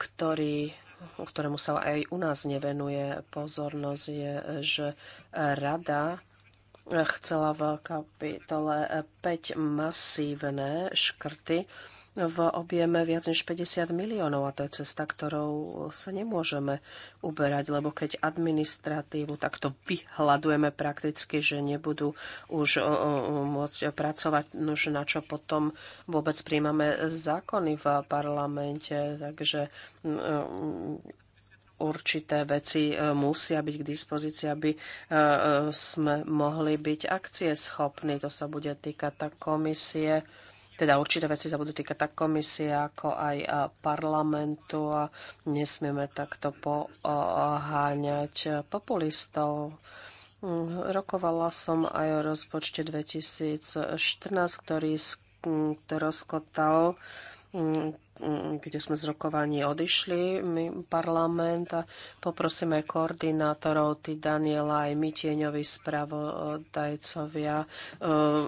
[SPEAKER 3] ktorý ktorému sa aj u nás nevenuje pozornosť, je, že rada chcela v kapitole 5 masívne škrty v objeme viac než 50 miliónov a to je cesta, ktorou sa nemôžeme uberať, lebo keď administratívu takto vyhľadujeme prakticky, že nebudú už môcť pracovať, už na čo potom vôbec príjmame zákony v parlamente, takže určité veci e, musia byť k dispozícii, aby e, e, sme mohli byť akcieschopní. To sa bude týkať tak komisie, teda určité veci sa budú týkať tak komisie, ako aj parlamentu a nesmieme takto poháňať populistov. Rokovala som aj o rozpočte 2014, ktorý rozkotal Mm, kde sme z rokovaní odišli, my parlament a poprosíme koordinátorov, ty Daniela aj my tieňoví spravodajcovia. E,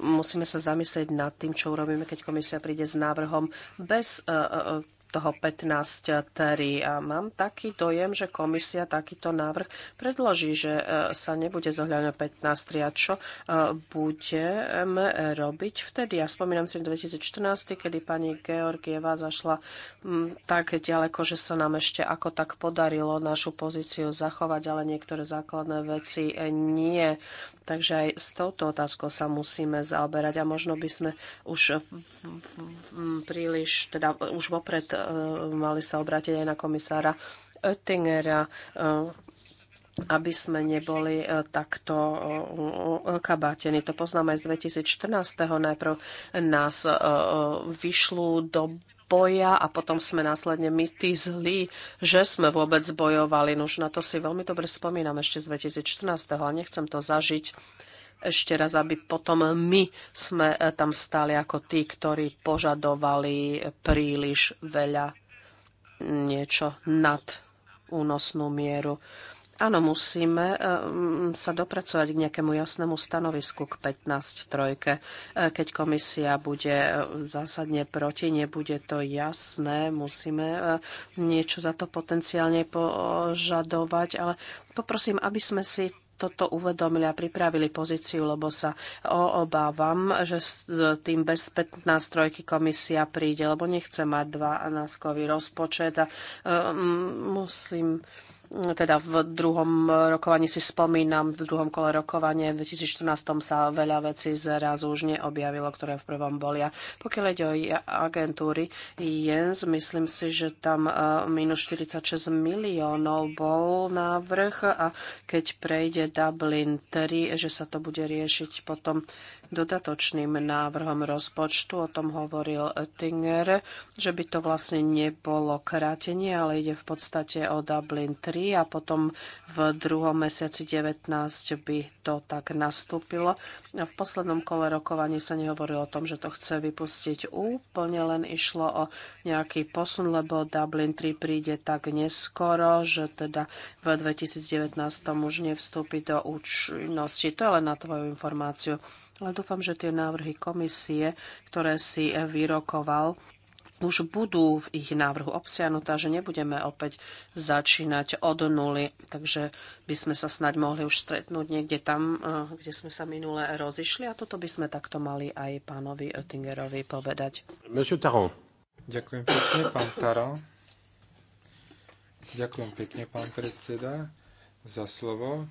[SPEAKER 3] musíme sa zamyslieť nad tým, čo urobíme, keď komisia príde s návrhom bez e, e, toho 15.3. A mám taký dojem, že komisia takýto návrh predloží, že e, sa nebude zohľadňovať 15. A čo e, budeme robiť vtedy? Ja spomínam si 2014, kedy pani Georgieva zašla tak ďaleko, že sa nám ešte ako tak podarilo našu pozíciu zachovať, ale niektoré základné veci e, nie. Takže aj s touto otázkou sa musíme zaoberať a možno by sme už príliš, teda už vopred e, mali sa obrátiť aj na komisára Oettingera, e, aby sme neboli e, takto kabátení. To poznáme aj z 2014. Najprv nás vyšlú do boja a potom sme následne my tí zlí, že sme vôbec bojovali. Nož na to si veľmi dobre spomínam ešte z 2014. a nechcem to zažiť ešte raz, aby potom my sme e, tam stali ako tí, ktorí požadovali príliš veľa niečo nad únosnú mieru. Áno, musíme eh, mm, sa dopracovať k nejakému jasnému stanovisku k 15 trojke. Eh, keď komisia bude eh, zásadne proti, nebude to jasné, musíme niečo za to potenciálne požadovať, ale poprosím, aby sme si toto uvedomili a pripravili pozíciu, lebo sa obávam, že s tým bez 15 trojky komisia príde, lebo nechce mať dva náskový rozpočet a um, musím teda v druhom rokovaní si spomínam, v druhom kole rokovania v 2014 sa veľa vecí zrazu už neobjavilo, ktoré v prvom boli. A pokiaľ ide o agentúry, Jens, myslím si, že tam e, minus 46 miliónov bol návrh a keď prejde Dublin 3, že sa to bude riešiť potom dodatočným návrhom rozpočtu, o tom hovoril Oettinger, že by to vlastne nebolo krátenie, ale ide v podstate o Dublin 3 a potom v druhom mesiaci 19 by to tak nastúpilo. V poslednom kole rokovaní sa nehovorilo o tom, že to chce vypustiť úplne, len išlo o nejaký posun, lebo Dublin 3 príde tak neskoro, že teda v 2019 už nevstúpi do účinnosti. To je len na tvoju informáciu ale dúfam, že tie návrhy komisie, ktoré si e, vyrokoval, už budú v ich návrhu obsiahnuté, že nebudeme opäť začínať od nuly, takže by sme sa snať mohli už stretnúť niekde tam, e, kde sme sa minule rozišli a toto by sme takto mali aj pánovi Oettingerovi povedať.
[SPEAKER 1] Monsieur Taron.
[SPEAKER 2] Ďakujem pekne, pán Taron. Ďakujem pekne, pán predseda, za slovo.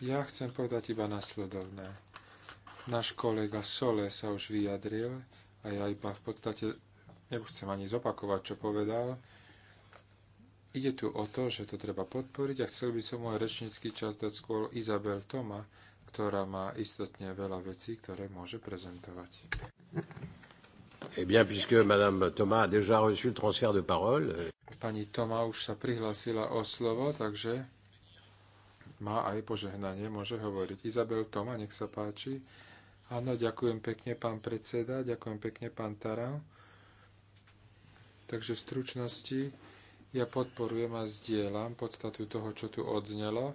[SPEAKER 2] Ja chcem povedať iba nasledovné. Náš kolega Sole sa už vyjadril a ja iba v podstate nechcem ani zopakovať, čo povedal. Ide tu o to, že to treba podporiť a chcel by som môj rečnícky čas dať skôr Izabel Toma, ktorá má istotne veľa vecí, ktoré môže prezentovať. Eh bien, puisque Madame Thomas a déjà reçu le transfert de parole. Euh, Pani Toma už sa prihlásila o slovo, takže má aj požehnanie, môže hovoriť. Izabel Toma, nech sa páči. Áno, ďakujem pekne, pán predseda, ďakujem pekne, pán Tara. Takže v stručnosti ja podporujem a zdieľam podstatu toho, čo tu odznelo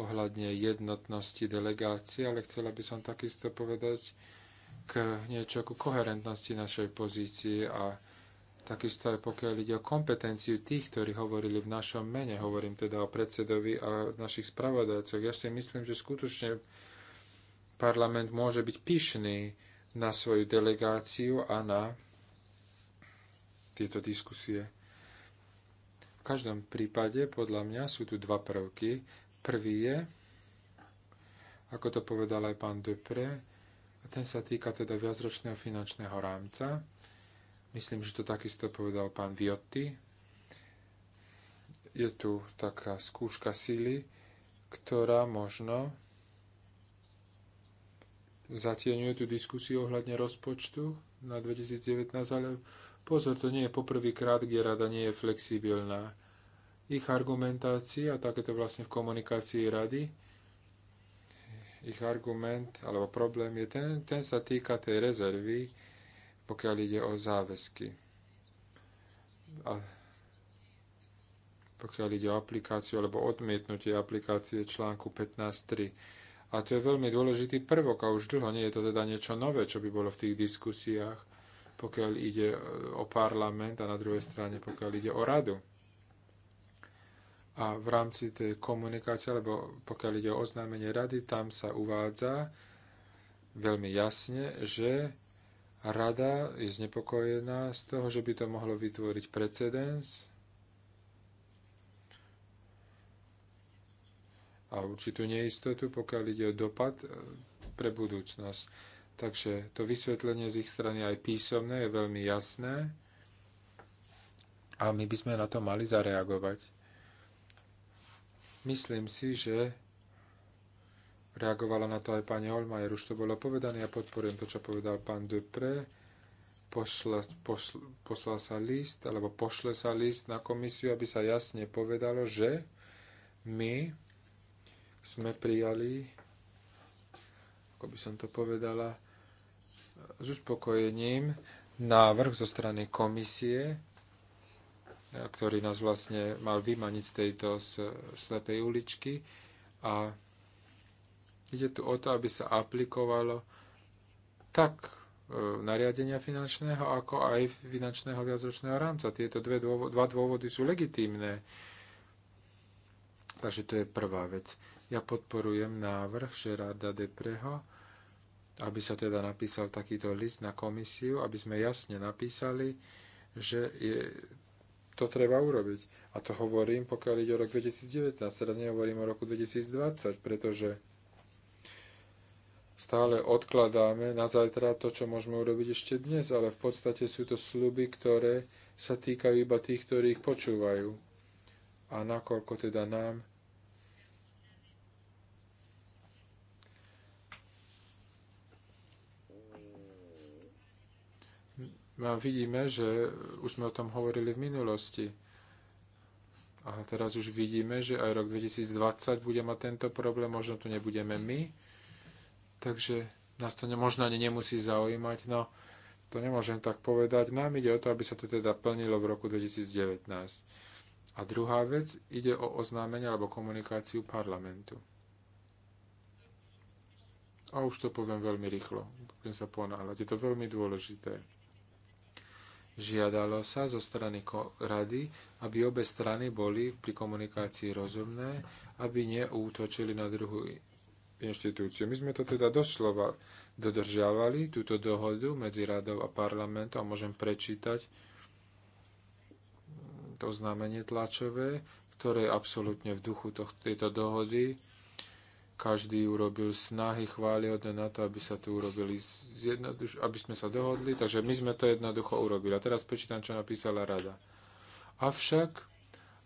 [SPEAKER 2] ohľadne jednotnosti delegácie, ale chcela by som takisto povedať k niečo ku koherentnosti našej pozície a takisto aj pokiaľ ide o kompetenciu tých, ktorí hovorili v našom mene, hovorím teda o predsedovi a našich spravodajcoch. Ja si myslím, že skutočne parlament môže byť pyšný na svoju delegáciu a na tieto diskusie. V každom prípade, podľa mňa, sú tu dva prvky. Prvý je, ako to povedal aj pán Dupre, a ten sa týka teda viacročného finančného rámca. Myslím, že to takisto povedal pán Viotti. Je tu taká skúška síly, ktorá možno zatieňuje tú diskusiu ohľadne rozpočtu na 2019, ale pozor, to nie je poprvýkrát, kde rada nie je flexibilná. Ich argumentácia, a takéto vlastne v komunikácii rady, ich argument alebo problém je ten, ten sa týka tej rezervy, pokiaľ ide o záväzky. A pokiaľ ide o aplikáciu alebo odmietnutie aplikácie článku 15.3. A to je veľmi dôležitý prvok a už dlho nie je to teda niečo nové, čo by bolo v tých diskusiách, pokiaľ ide o parlament a na druhej strane pokiaľ ide o radu. A v rámci tej komunikácie, alebo pokiaľ ide o oznámenie rady, tam sa uvádza veľmi jasne, že Rada je znepokojená z toho, že by to mohlo vytvoriť precedens a určitú neistotu, pokiaľ ide o dopad e, pre budúcnosť. Takže to vysvetlenie z ich strany aj písomné je veľmi jasné a my by sme na to mali zareagovať. Myslím si, že Reagovala na to aj pani Holmajer, už to bolo povedané, ja podporujem to, čo povedal pán Dupré. Posla, posl, poslal sa list, alebo pošle sa list na komisiu, aby sa jasne povedalo, že my sme prijali, ako by som to povedala, s uspokojením návrh zo strany komisie, ktorý nás vlastne mal vymaniť z tejto slepej uličky a Ide tu o to, aby sa aplikovalo tak e, nariadenia finančného, ako aj finančného viacročného rámca. Tieto dve dôvody, dva dôvody sú legitímne. Takže to je prvá vec. Ja podporujem návrh Gerarda Depreho, aby sa teda napísal takýto list na komisiu, aby sme jasne napísali, že je, to treba urobiť. A to hovorím, pokiaľ ide o rok 2019, teraz nehovorím o roku 2020, pretože stále odkladáme na zajtra to, čo môžeme urobiť ešte dnes, ale v podstate sú to sluby, ktoré sa týkajú iba tých, ktorí ich počúvajú. A nakoľko teda nám A vidíme, že už sme o tom hovorili v minulosti. A teraz už vidíme, že aj rok 2020 bude mať tento problém, možno tu nebudeme my, takže nás to možno ani nemusí zaujímať, no to nemôžem tak povedať. Nám ide o to, aby sa to teda plnilo v roku 2019. A druhá vec ide o oznámenie alebo komunikáciu parlamentu. A už to poviem veľmi rýchlo, budem sa ponáhľať. Je to veľmi dôležité. Žiadalo sa zo strany rady, aby obe strany boli pri komunikácii rozumné, aby neútočili na, druhu, inštitúciu. My sme to teda doslova dodržiavali, túto dohodu medzi radou a parlamentom. Môžem prečítať to znamenie tlačové, ktoré je absolútne v duchu tohto, tejto dohody. Každý urobil snahy, chváli od na to, aby sa tu urobili, aby sme sa dohodli. Takže my sme to jednoducho urobili. A teraz prečítam, čo napísala rada. Avšak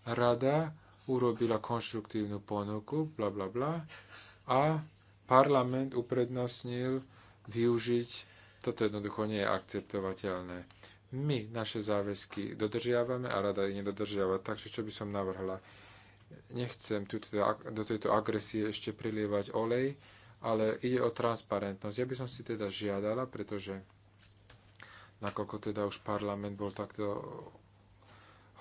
[SPEAKER 2] rada urobila konštruktívnu ponuku, bla bla bla, a parlament uprednostnil využiť, toto jednoducho nie je akceptovateľné. My naše záväzky dodržiavame a rada ich nedodržiava, takže čo by som navrhla? Nechcem do tejto agresie ešte prilievať olej, ale ide o transparentnosť. Ja by som si teda žiadala, pretože nakoľko teda už parlament bol takto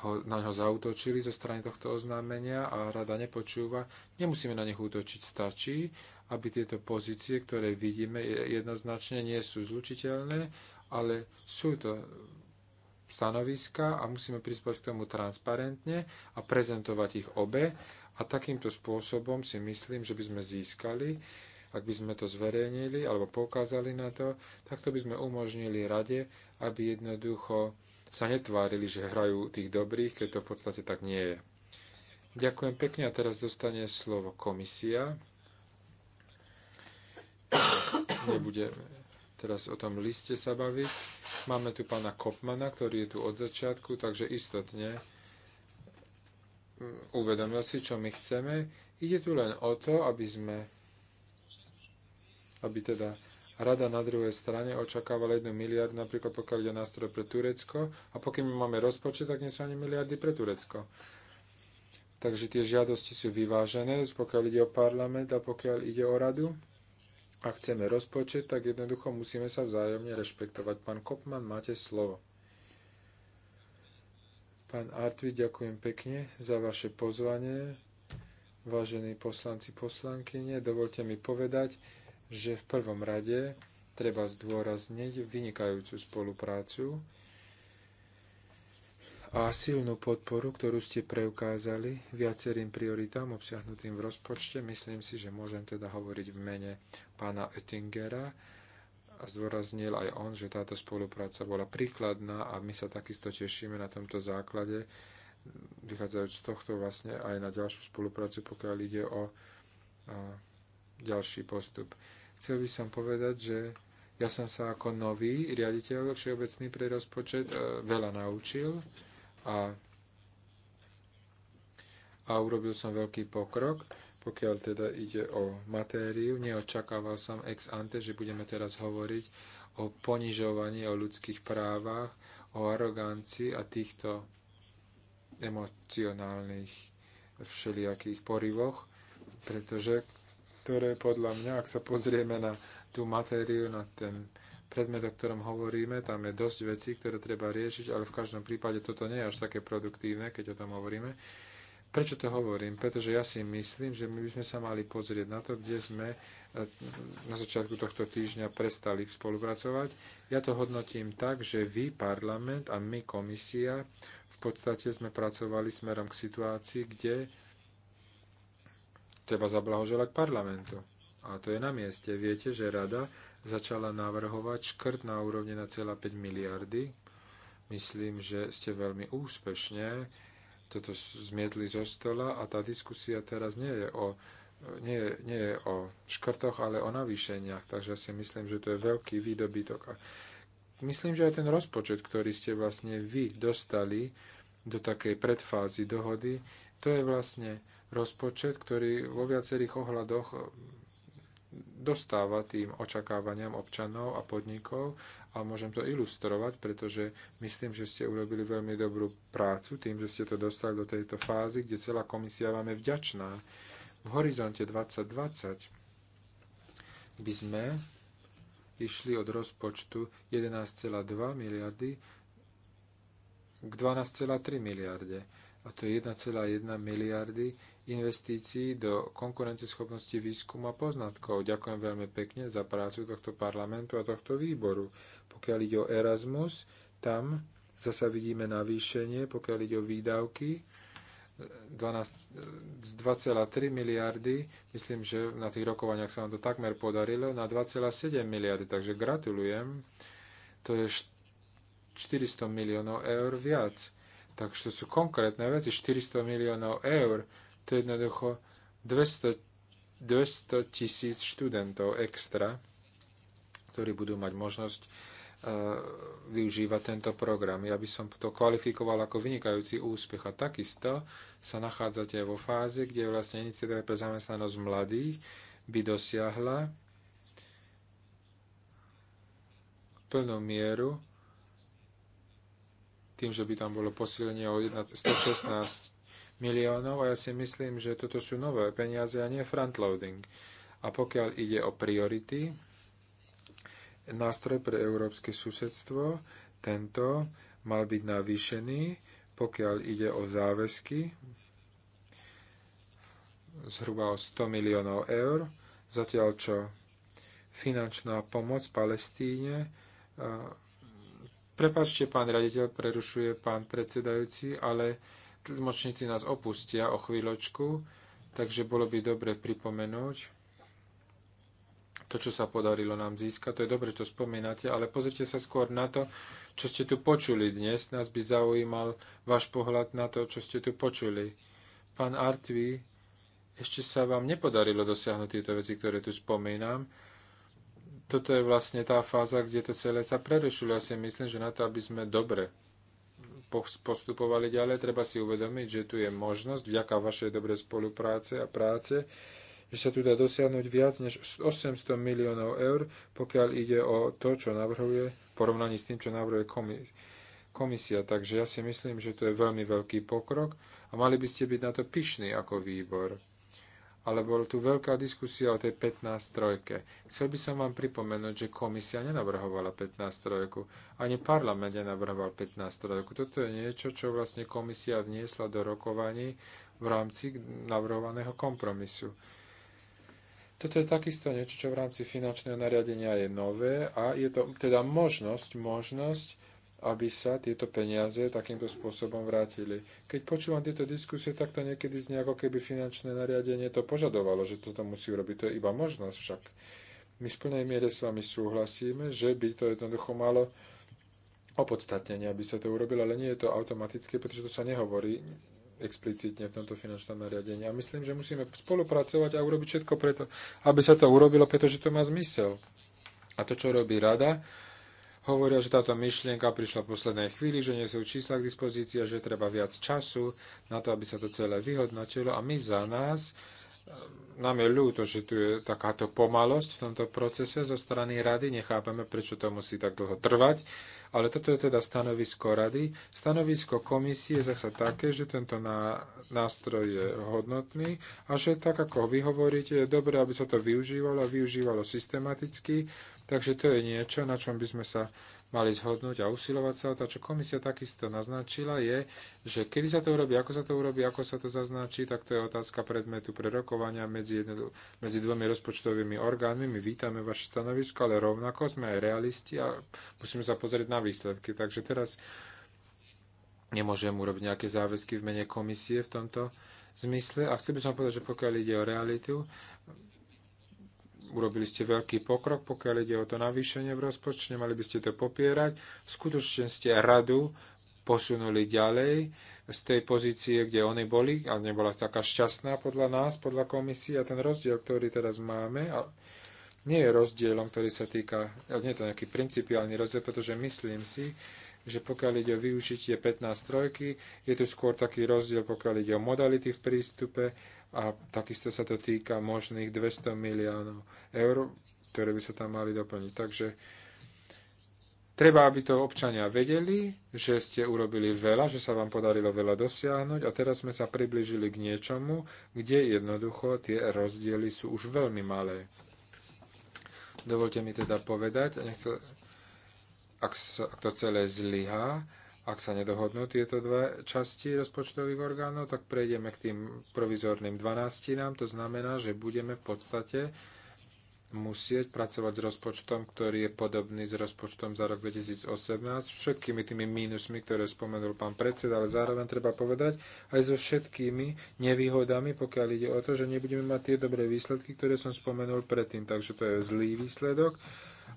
[SPEAKER 2] ho, na ňo zautočili zo strany tohto oznámenia a rada nepočúva. Nemusíme na nich útočiť, stačí, aby tieto pozície, ktoré vidíme, jednoznačne nie sú zlučiteľné, ale sú to stanoviska a musíme prispôsobiť k tomu transparentne a prezentovať ich obe. A takýmto spôsobom si myslím, že by sme získali, ak by sme to zverejnili alebo poukázali na to, tak to by sme umožnili rade, aby jednoducho sa netvárili, že hrajú tých dobrých, keď to v podstate tak nie je. Ďakujem pekne a teraz dostane slovo komisia. Nebudeme teraz o tom liste sa baviť. Máme tu pána Kopmana, ktorý je tu od začiatku, takže istotne mm, uvedomil si, čo my chceme. Ide tu len o to, aby sme, aby teda Rada na druhej strane očakávala jednu miliard, napríklad pokiaľ ide nástroj pre Turecko, a pokým máme rozpočet, tak nie sú ani miliardy pre Turecko. Takže tie žiadosti sú vyvážené, pokiaľ ide o parlament a pokiaľ ide o radu. a chceme rozpočet, tak jednoducho musíme sa vzájomne rešpektovať. Pán Kopman, máte slovo. Pán Artvi, ďakujem pekne za vaše pozvanie. Vážení poslanci, poslankyne, dovolte mi povedať, že v prvom rade treba zdôrazniť vynikajúcu spoluprácu a silnú podporu, ktorú ste preukázali viacerým prioritám obsiahnutým v rozpočte. Myslím si, že môžem teda hovoriť v mene pána Oettingera. A zdôraznil aj on, že táto spolupráca bola príkladná a my sa takisto tešíme na tomto základe, vychádzajúc z tohto vlastne aj na ďalšiu spoluprácu, pokiaľ ide o ďalší postup. Chcel by som povedať, že ja som sa ako nový riaditeľ všeobecný pre rozpočet e, veľa naučil a, a urobil som veľký pokrok, pokiaľ teda ide o matériu. Neočakával som ex ante, že budeme teraz hovoriť o ponižovaní, o ľudských právach, o arogancii a týchto emocionálnych všelijakých porivoch, pretože ktoré podľa mňa, ak sa pozrieme na tú matériu, na ten predmet, o ktorom hovoríme, tam je dosť vecí, ktoré treba riešiť, ale v každom prípade toto nie je až také produktívne, keď o tom hovoríme. Prečo to hovorím? Pretože ja si myslím, že my by sme sa mali pozrieť na to, kde sme eh, na začiatku tohto týždňa prestali spolupracovať. Ja to hodnotím tak, že vy, parlament a my, komisia, v podstate sme pracovali smerom k situácii, kde treba zablahoželať parlamentu. A to je na mieste. Viete, že rada začala navrhovať škrt na úrovni na 5 miliardy. Myslím, že ste veľmi úspešne toto zmietli zo stola a tá diskusia teraz nie je o, nie, nie je o škrtoch, ale o navýšeniach. Takže ja si myslím, že to je veľký výdobytok. A myslím, že aj ten rozpočet, ktorý ste vlastne vy dostali do takej predfázy dohody, to je vlastne rozpočet, ktorý vo viacerých ohľadoch eh, dostáva tým očakávaniam občanov a podnikov a môžem to ilustrovať, pretože myslím, že ste urobili veľmi dobrú prácu tým, že ste to dostali do tejto fázy, kde celá komisia vám je vďačná. V horizonte 2020 by sme išli od rozpočtu 11,2 miliardy k 12,3 miliarde a to je 1,1 miliardy investícií do konkurenceschopnosti výskumu a poznatkov. Ďakujem veľmi pekne za prácu tohto parlamentu a tohto výboru. Pokiaľ ide o Erasmus, tam zasa vidíme navýšenie, pokiaľ ide o výdavky, 12, z 2,3 miliardy, myslím, že na tých rokovaniach sa vám to takmer podarilo, na 2,7 miliardy, takže gratulujem. To je 400 miliónov eur viac. Takže to sú konkrétne veci, 400 miliónov eur, to je jednoducho 200, 200 tisíc študentov extra, ktorí budú mať možnosť e, využívať tento program. Ja by som to kvalifikoval ako vynikajúci úspech a takisto sa nachádzate vo fáze, kde vlastne iniciatíva pre zamestnanosť mladých by dosiahla plnú mieru tým, že by tam bolo posilenie o 116 miliónov a ja si myslím, že toto sú nové peniaze a nie frontloading. A pokiaľ ide o priority, nástroj pre európske susedstvo, tento mal byť navýšený, pokiaľ ide o záväzky, zhruba o 100 miliónov eur, zatiaľ čo finančná pomoc Palestíne eh, Prepačte, pán raditeľ, prerušuje pán predsedajúci, ale tlmočníci nás opustia o chvíľočku, takže bolo by dobre pripomenúť to, čo sa podarilo nám získať. To je dobre, že to spomínate, ale pozrite sa skôr na to, čo ste tu počuli dnes. Nás by zaujímal váš pohľad na to, čo ste tu počuli. Pán Artvi, ešte sa vám nepodarilo dosiahnuť tieto veci, ktoré tu spomínam toto je vlastne tá fáza, kde to celé sa prerušilo. Ja si myslím, že na to, aby sme dobre postupovali ďalej, treba si uvedomiť, že tu je možnosť, vďaka vašej dobrej spolupráce a práce, že sa tu dá dosiahnuť viac než 800 miliónov eur, pokiaľ ide o to, čo navrhuje, v porovnaní s tým, čo navrhuje komisia. Takže ja si myslím, že to je veľmi veľký pokrok a mali by ste byť na to pyšní ako výbor ale bol tu veľká diskusia o tej 15 trojke. Chcel by som vám pripomenúť, že komisia nenavrhovala 15 trojku, ani parlament nenavrhoval 15 trojku. Toto je niečo, čo vlastne komisia vniesla do rokovaní v rámci navrhovaného kompromisu. Toto je takisto niečo, čo v rámci finančného nariadenia je nové a je to teda možnosť, možnosť aby sa tieto peniaze takýmto spôsobom vrátili. Keď počúvam tieto diskusie, tak to niekedy z ako keby finančné nariadenie to požadovalo, že toto musí urobiť. To je iba možnosť však. My v plnej miere s vami súhlasíme, že by to jednoducho malo opodstatnenie, aby sa to urobilo, ale nie je to automatické, pretože to sa nehovorí explicitne v tomto finančnom nariadení. A myslím, že musíme spolupracovať a urobiť všetko preto, aby sa to urobilo, pretože to má zmysel. A to, čo robí rada, Hovoria, že táto myšlienka prišla v poslednej chvíli, že nie sú čísla k dispozícii a že treba viac času na to, aby sa to celé vyhodnotilo. A my za nás, ehm, nám je ľúto, že tu je takáto pomalosť v tomto procese zo strany rady. Nechápame, prečo to musí tak dlho trvať. Ale toto je teda stanovisko rady. Stanovisko komisie je zasa také, že tento nástroj je hodnotný a že tak, ako vy hovoríte, je dobré, aby sa to využívalo a využívalo systematicky. Takže to je niečo, na čom by sme sa mali zhodnúť a usilovať sa o to. Čo komisia takisto naznačila je, že kedy sa to urobí, ako sa to urobí, ako sa to zaznačí, tak to je otázka predmetu pre rokovania medzi, jedno, medzi dvomi rozpočtovými orgánmi. My vítame vaše stanovisko, ale rovnako sme aj realisti a musíme sa pozrieť na výsledky. Takže teraz nemôžem urobiť nejaké záväzky v mene komisie v tomto zmysle. A chcel by som povedať, že pokiaľ ide o realitu, Urobili ste veľký pokrok, pokiaľ ide o to navýšenie v rozpočte, mali by ste to popierať. Skutočne ste radu posunuli ďalej z tej pozície, kde oni boli ale nebola taká šťastná podľa nás, podľa komisie a ten rozdiel, ktorý teraz máme, a nie je rozdielom, ktorý sa týka, nie je to nejaký principiálny rozdiel, pretože myslím si, že pokiaľ ide o využitie 15 trojky, je tu skôr taký rozdiel, pokiaľ ide o modality v prístupe, a takisto sa to týka možných 200 miliónov eur, ktoré by sa tam mali doplniť. Takže treba, aby to občania vedeli, že ste urobili veľa, že sa vám podarilo veľa dosiahnuť a teraz sme sa približili k niečomu, kde jednoducho tie rozdiely sú už veľmi malé. Dovolte mi teda povedať, nechce, ak, sa, ak to celé zlyhá, ak sa nedohodnú tieto dve časti rozpočtových orgánov, tak prejdeme k tým provizorným 12 nám. To znamená, že budeme v podstate musieť pracovať s rozpočtom, ktorý je podobný s rozpočtom za rok 2018, s všetkými tými mínusmi, ktoré spomenul pán predseda, ale zároveň treba povedať aj so všetkými nevýhodami, pokiaľ ide o to, že nebudeme mať tie dobré výsledky, ktoré som spomenul predtým. Takže to je zlý výsledok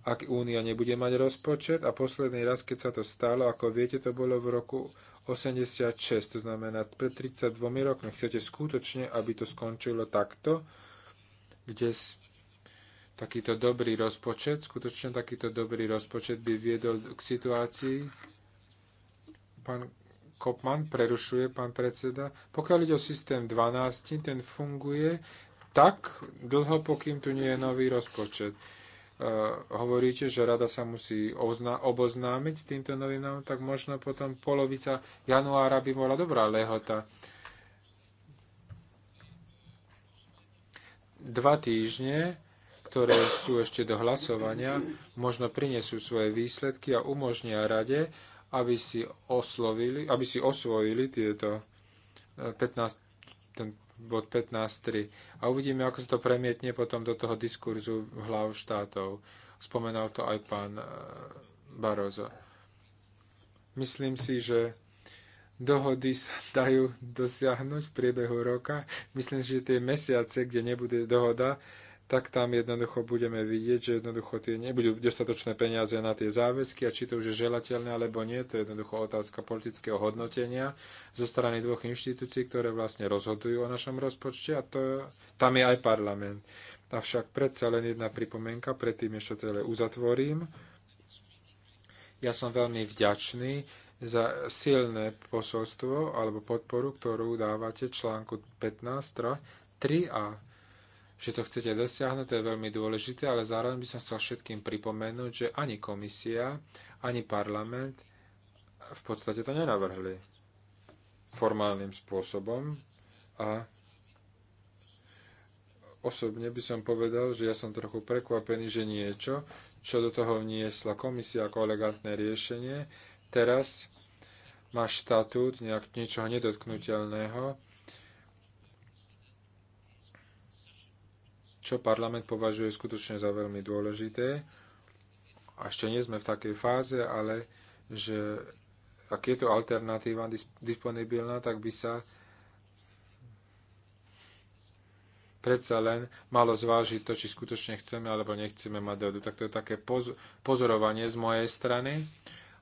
[SPEAKER 2] ak Únia nebude mať rozpočet. A posledný raz, keď sa to stalo, ako viete, to bolo v roku 86, to znamená pred 32 rokmi. Chcete skutočne, aby to skončilo takto, kde takýto dobrý rozpočet, skutočne takýto dobrý rozpočet by viedol k situácii, pán Kopman prerušuje, pán predseda, pokiaľ ide o systém 12, ten funguje tak dlho, pokým tu nie je nový rozpočet hovoríte, že rada sa musí oboznámiť s týmto novinám, tak možno potom polovica januára by bola dobrá lehota. Dva týždne, ktoré sú ešte do hlasovania, možno prinesú svoje výsledky a umožnia rade, aby si, oslovili, aby si osvojili tieto 15, eh, ten bod 15.3. A uvidíme, ako sa to premietne potom do toho diskurzu hlav štátov. Spomenal to aj pán eh, Barozo. Myslím si, že dohody sa dajú dosiahnuť v priebehu roka. Myslím si, že tie mesiace, kde nebude dohoda, tak tam jednoducho budeme vidieť, že jednoducho tie nebudú dostatočné peniaze na tie záväzky a či to už je želateľné alebo nie, to je jednoducho otázka politického hodnotenia zo strany dvoch inštitúcií, ktoré vlastne rozhodujú o našom rozpočte a to, tam je aj parlament. Avšak predsa len jedna pripomienka, predtým ešte teda uzatvorím. Ja som veľmi vďačný za silné posolstvo alebo podporu, ktorú dávate článku 15, 3 a že to chcete dosiahnuť, to je veľmi dôležité, ale zároveň by som chcel všetkým pripomenúť, že ani komisia, ani parlament v podstate to nenavrhli formálnym spôsobom a osobne by som povedal, že ja som trochu prekvapený, že niečo, čo do toho vniesla komisia ako elegantné riešenie, teraz má štatút nejak niečoho nedotknutelného, čo parlament považuje skutočne za veľmi dôležité. A ešte nie sme v takej fáze, ale že ak je to alternatíva disponibilná, tak by sa predsa len malo zvážiť to, či skutočne chceme alebo nechceme mať dohodu. Tak to je také pozorovanie z mojej strany,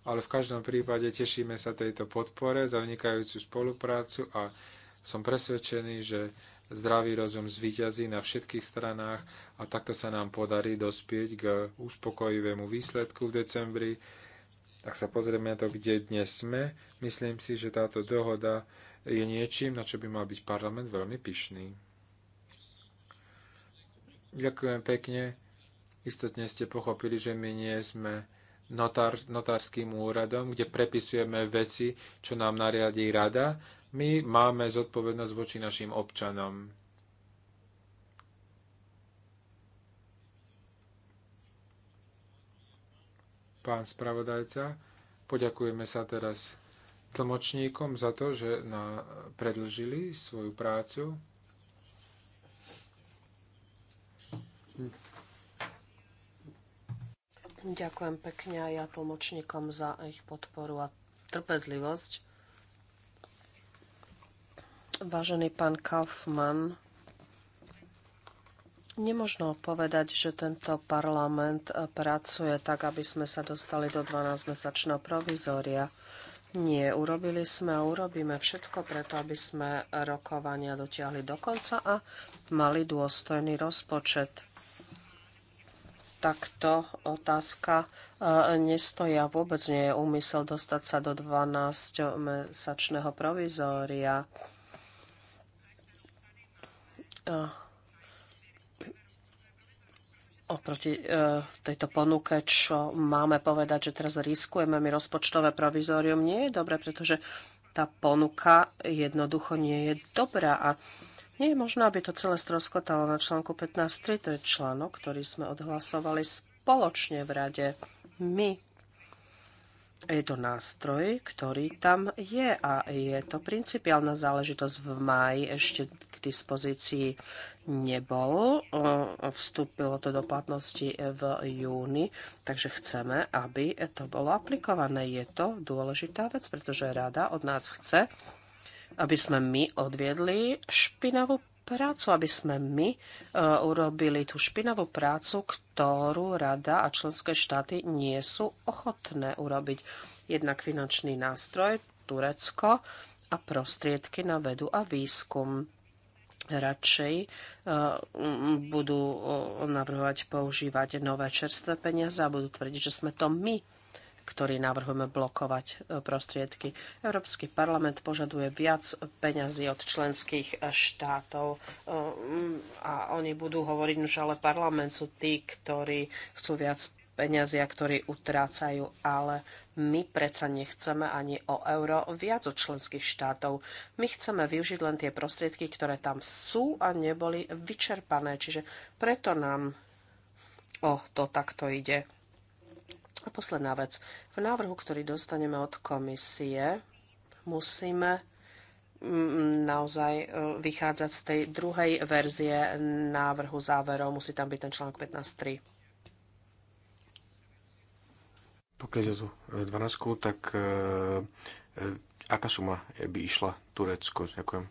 [SPEAKER 2] ale v každom prípade tešíme sa tejto podpore za vynikajúcu spoluprácu a som presvedčený, že zdravý rozum zvíťazí na všetkých stranách a takto sa nám podarí dospieť k uspokojivému výsledku v decembri. Ak sa pozrieme na to, kde dnes sme, myslím si, že táto dohoda je niečím, na čo by mal byť parlament veľmi pyšný. Ďakujem pekne. Istotne ste pochopili, že my nie sme notár, notárským úradom, kde prepisujeme veci, čo nám nariadí rada. My máme zodpovednosť voči našim občanom. Pán spravodajca, poďakujeme sa teraz tlmočníkom za to, že na, predlžili svoju prácu.
[SPEAKER 3] Ďakujem pekne aj ja tlmočníkom za ich podporu a trpezlivosť. Vážený pán Kaufmann, nemožno povedať, že tento parlament pracuje tak, aby sme sa dostali do 12-mesačného provizória. Nie, urobili sme a urobíme všetko preto, aby sme rokovania dotiahli do konca a mali dôstojný rozpočet. Takto otázka e, nestoja vôbec nie je úmysel dostať sa do 12-mesačného provizória. Eh, oproti eh, tejto ponuke, čo máme povedať, že teraz riskujeme mi rozpočtové provizórium, nie je dobré, pretože tá ponuka jednoducho nie je dobrá a nie je možné, aby to celé stroskotalo na článku 15.3, to je článok, ktorý sme odhlasovali spoločne v rade. My je to nástroj, ktorý tam je a je to principiálna záležitosť v máji ešte k dispozícii nebol. Vstúpilo to do platnosti v júni, takže chceme, aby to bolo aplikované. Je to dôležitá vec, pretože rada od nás chce, aby sme my odviedli špinavú prácu, aby sme my e, urobili tú špinavú prácu, ktorú Rada a členské štáty nie sú ochotné urobiť. Jednak finančný nástroj Turecko a prostriedky na vedu a výskum radšej e, budú e, navrhovať používať nové čerstvé peniaze a budú tvrdiť, že sme to my, ktorý navrhujeme blokovať e, prostriedky. Európsky parlament požaduje viac peňazí od členských e, štátov e, a oni budú hovoriť, že ale parlament sú tí, ktorí chcú viac peňazia, ktorí utrácajú, ale my predsa nechceme ani o euro viac od členských štátov. My chceme využiť len tie prostriedky, ktoré tam sú a neboli vyčerpané. Čiže preto nám o to takto ide. A posledná vec. V návrhu, ktorý dostaneme od komisie, musíme mm, naozaj e, vychádzať z tej druhej verzie návrhu záverov. Musí tam byť ten článok 15.3.
[SPEAKER 2] Pokiaľ je tú 12,
[SPEAKER 1] e, tak e, e, aká suma by išla Turecku? Ďakujem.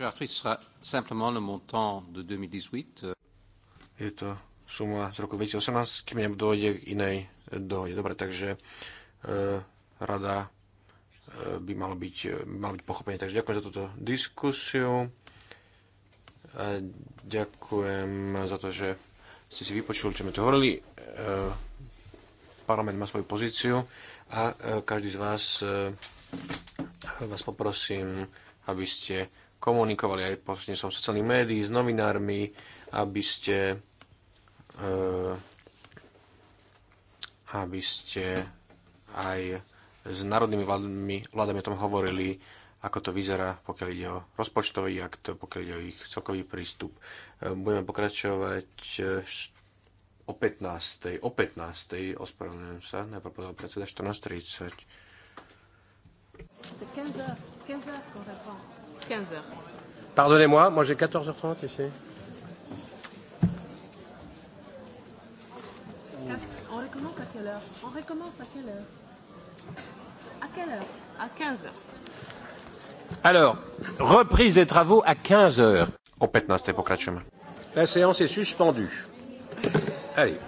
[SPEAKER 1] Je vais simplement le montant de 2018. Je to suma z roku 2018, kým dôjde k inej dohode. Dobre, takže e, rada e, by malo byť, by e, byť pochopenie. Takže ďakujem za túto diskusiu. E, ďakujem za to, že ste si vypočuli, čo sme tu hovorili. E, parlament má svoju pozíciu a e, každý z vás e, vás poprosím, aby ste komunikovali aj prostredníctvom sociálnych médií, s novinármi, aby ste Eh, aby ste aj s národnými vládami, vládami o tom hovorili, ako to vyzerá, pokiaľ ide o rozpočtový akt, pokiaľ ide o ich celkový prístup. Eh, budeme pokračovať eh, o 15. O 15. ospravedlňujem sa, najprv povedal predseda 14.30. 15 Pardonnez-moi, moi j'ai 14h30 ici.
[SPEAKER 3] recommence à quelle heure On recommence à quelle heure À quelle heure À 15 heures.
[SPEAKER 2] Alors, reprise des travaux
[SPEAKER 1] à 15 heures. Au 15. pokračujeme. La séance est suspendue.
[SPEAKER 2] Allez.